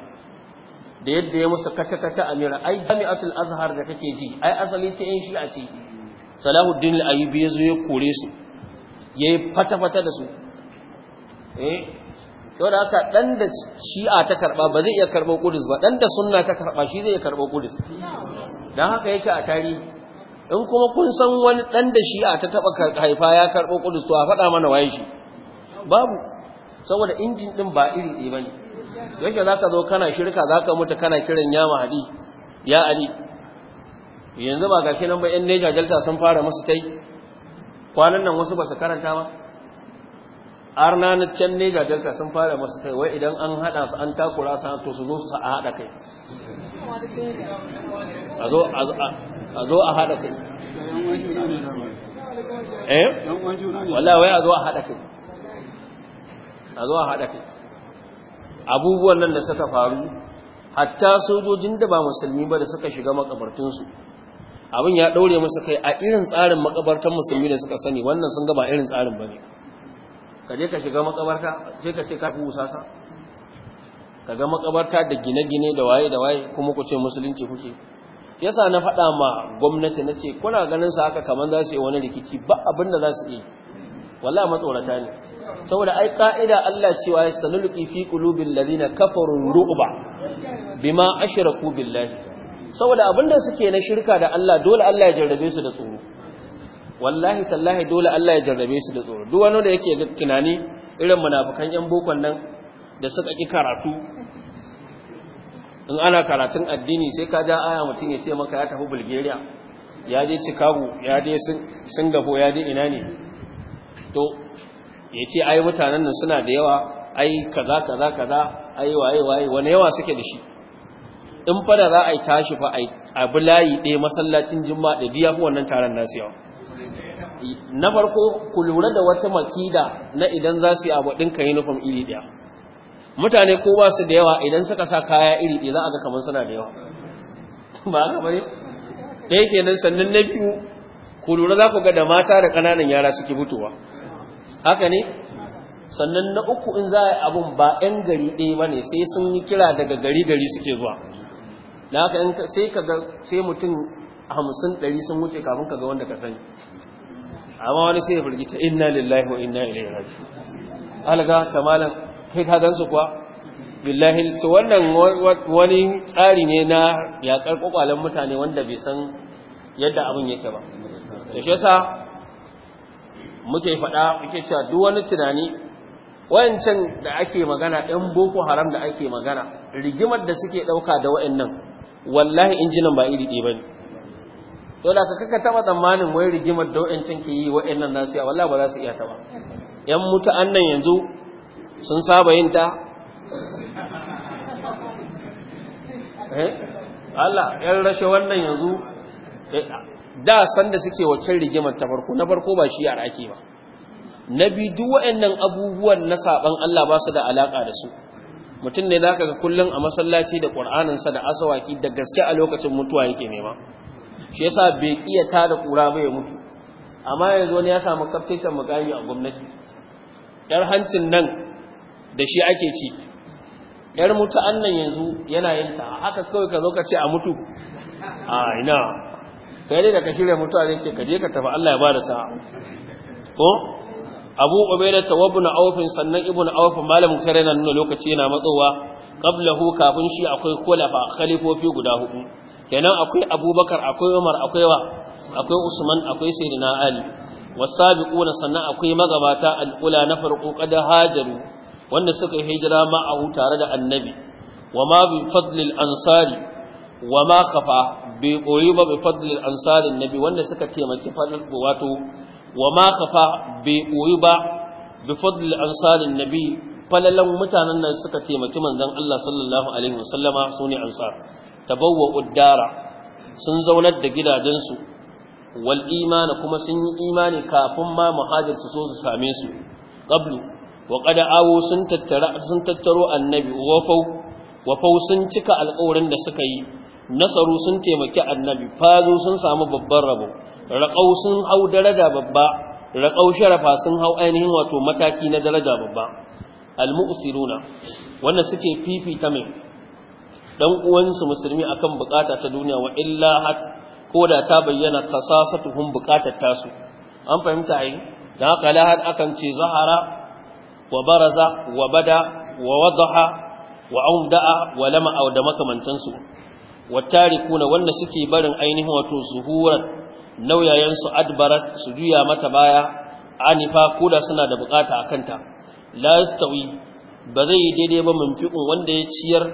da yadda ya musu kata-kata a amira ai jami'atul azhar da kake ji ai asali ta yan shi'a ce salahuddin al-ayyubi ya ya kore su yayi fata-fata da su eh to da haka dan da shi'a ta karba ba zai iya karbo kudus ba dan da sunna ta karba shi zai iya karbo kudus dan haka yake a tarihi in kuma kun san wani dan da shi ta taba haifa ya karba Kudus to a faɗa mana waye shi babu saboda injin ɗin ba iri ɗaya ba yake za ka zo kana shirka za ka mutu kana kiran ya mahadi ya ali yanzu ba gashi nan ba yan neja jalta sun fara musu tai kwanan nan wasu ba su karanta ba arna can neja jalta sun fara musu tai wai idan an hada su an takura su to su zo su a hada kai a zo a hada kai eh wallahi wai a zo a hada kai a zo a hada kai abubuwan nan da suka faru hatta sojojin da ba musulmi ba da suka shiga makabartunsu abin ya ɗaure musu kai a irin tsarin makabartan musulmi da suka sani wannan sun gaba irin tsarin ba ne ka je ka shiga makabarta sai ka ce kafi wusasa ka ga makabarta da gine-gine da waye da waye kuma ku ce musulunci kuke yasa na faɗa ma gwamnati na ce kuna ganin sa haka kamar za su yi wani rikici ba abin da za su yi wallahi matsorata ne saboda ai ka'ida Allah cewa ya sanulqi fi qulubil ladina kafaru ru'ba bima ashraku billahi saboda abinda suke na shirka da Allah dole Allah ya jarrabe su da tsoro wallahi tallahi dole Allah ya jarrabe su da tsoro duk wani da yake tunani irin munafikan yan bokon nan da suka ki karatu in ana karatun addini sai ka ja aya mutum ya ce maka ya tafi Bulgaria ya je Chicago ya je Singapore ya je ina ne to ya ce ai mutanen nan suna da yawa ai kaza kaza kaza ai waye waye wani yawa suke da shi in fada za a yi tashi fa a bi layi ɗaya masallacin Juma da biya fi wannan taron nasu yawa na farko ku lura da wata makida na idan za su yi abu ɗinka uniform iri ɗaya mutane ko ba su da yawa idan suka sa kaya iri ɗaya za a ga kamar suna da yawa ba haka bane ɗaya kenan sannan na biyu ku lura za ku ga da mata da ƙananan yara suke fitowa haka ne sannan na uku in za a yi abun ba 'yan gari ɗaya ba ne sai sun yi kira daga gari gari suke zuwa na haka sai ka ga sai mutum hamsin ɗari sun wuce kafin ka ga wanda ka sani amma wani sai ya firgita inna lillahi wa inna ilaihi raji alaga kamalan kai ka gansu kuwa billahi to wannan wani tsari ne na yakar kwakwalen mutane wanda bai san yadda abin yake ba da shi yasa muke faɗa muke cewa duk wani tunani wayancan da ake magana ɗan boko haram da ake magana rigimar da suke ɗauka da wayannan wallahi injinan ba iri ɗaya bane to da ka kaka taba tsammanin wai rigimar da wayancan ke yi wayannan na siya, wallahi ba za su iya ta ba yan mutu'an annan yanzu sun saba yin ta eh Allah yan rashe wannan yanzu eh, da sanda suke waccan rigimar ta farko na farko ba shi a rake ba na bi duk waɗannan abubuwan na saban Allah ba su da alaka da su mutum ne zaka ga kullum a masallaci da Qur'anin sa da asawaki da gaske a lokacin mutuwa yake nema shi yasa bai kiya ta da kura bai mutu amma yanzu wani ya samu kaftaitan mukami a gwamnati yar hancin nan da shi ake ci yar mutu annan yanzu yana yin ta haka kawai ka zo ka ce a mutu a ina kai ne da ka shirya mutuwa zai ce ka je ka tafi Allah ya bada sa'a ko Abu Ubaida tawabun aufin sannan ibnu malam malam kare nan nuna lokaci yana matsowa Hu kafin shi akwai khulafa khalifofi guda hudu kenan akwai Abubakar akwai Umar akwai wa akwai Usman akwai Sayyidina Ali wasabiquna sannan akwai magabata al'ula na farko kada hajaru wanda suka yi hijira ma'ahu tare da annabi wa ma bi fadlil ansari wa ma kafa bi ba bi fadlil ansarin nabi wanda suka taimaki fadl wato wa ma kafa bi ba bi fadlil ansarin nabi falalan mutanen nan suka taimaki manzon Allah sallallahu alaihi wasallama sune ansar tabawwa uddara sun zaunar da gidajensu wal imani kuma sun yi imani kafin ma muhajir su so su same su qablu wa qad awu sun tattara sun tattaro annabi wafau wafau sun cika alƙawarin da suka yi nasaru sun taimaki annabi fazo sun samu babban rabo raqau sun hau daraja babba raqau sharafa sun hau ainihin wato mataki na daraja babba almu'siruna wanda suke fifita mai dan uwansu musulmi akan bukata ta duniya wa illa hat koda ta bayyana kasasatuhum bukatar tasu an fahimta ai dan haka lahad akan ce zahara wa baraza wa bada wa wadaha wa aumda'a wa lama da makamantansu wattarikuna wanda suke barin ainihin wato zuhuran nauyayensu adbarat su juya mata baya anifa koda suna da bukata a kanta la yastawi ba zai yi daidai ba munfiqun wanda ya ciyar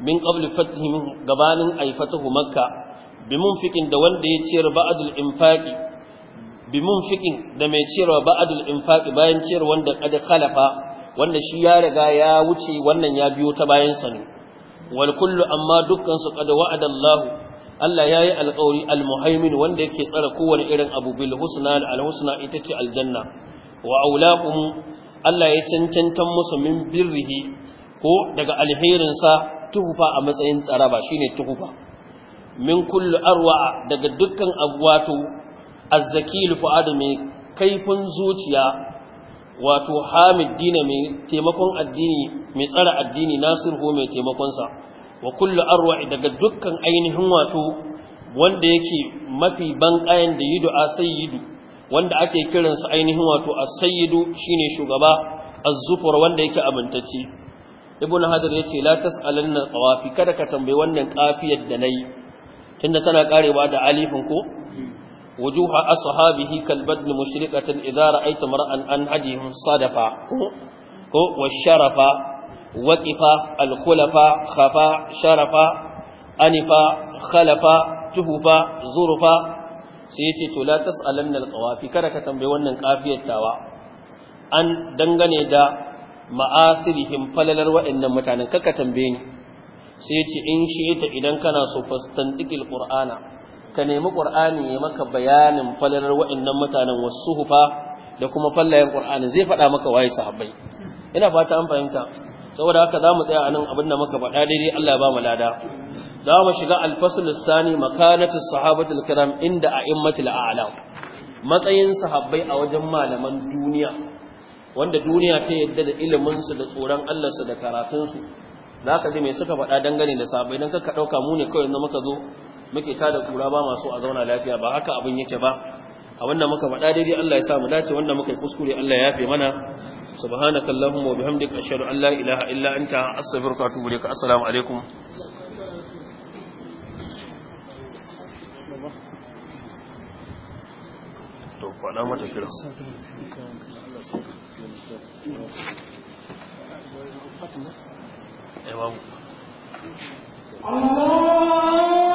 min qabl fatihim gabanin ay fatahu makka bi munfiqin da wanda ya ciyar ba'dul infaqi bi munfiqin da mai ba'dul infaqi bayan ciyar wanda kada khalafa wanda shi ya riga ya wuce wannan ya biyo ta bayan sa ne wal kullu amma dukkan su qad Allah ya yayi alƙawari al wanda yake tsara kowane irin abu bil husna al-husna ita ce aljanna wa aulaqum Allah ya cancantan musu min birrihi ko daga alherin sa tuhufa a matsayin tsaraba shine tuhufa min kullu arwa daga dukkan abu wato azzakil mai kaifin zuciya wato hamid dina mai taimakon addini mai tsara addini nasir ho mai taimakonsa wa kullu arwa daga dukkan ainihin wato wanda yake mafi banƙayan da yidu a sayyidu wanda ake kiransa ainihin wato as-sayyidu shine shugaba az-zufur wanda yake abintacci ibnu hadar yace la tasalanna qawafi kada ka tambayi wannan kafiyar da nayi tunda tana karewa da alifin ko وجوه أصحابه كالبدن مشرقة إذا رأيت مرأ أن هديهم صدفا والشرفا وكفا الخلفا خفا شرفا أنفا خلفا تهفا ظرفا سيتي لا تسألن القوافي كركة بون قافية تاوى أن دنغني دا ma'asirihim falalar waɗannan mutanen kaka tambaye ni sai ce in shi ta idan kana so fastantikil qur'ana ka nemi qur'ani ya maka bayanin falalar wa'annan mutanen suhufa da kuma fallayen qur'ani zai faɗa maka waye sahabbai ina fata an fahimta saboda haka zamu tsaya anan abin da muka faɗa daidai Allah ya ba mu lada za mu shiga alfasul sani makanatu sahabatul kiram inda a a'immatul a'lam matsayin sahabbai a wajen malaman duniya wanda duniya ta yadda da ilimin su da tsoron Allah su da karatun su za ka ji mai suka faɗa dangane da sabai don ka ɗauka mu ne kawai na muka zo muke tada kura ba masu a zauna lafiya ba haka abin yake ba a wannan muka faɗa daidai Allah ya sa mu dace wannan muka yi kuskure Allah ya yafe mana subhanaka allahumma wa bihamdika ashhadu an la ilaha illa anta astaghfiruka wa atubu ilaik assalamu alaikum to faɗa mata kira Allah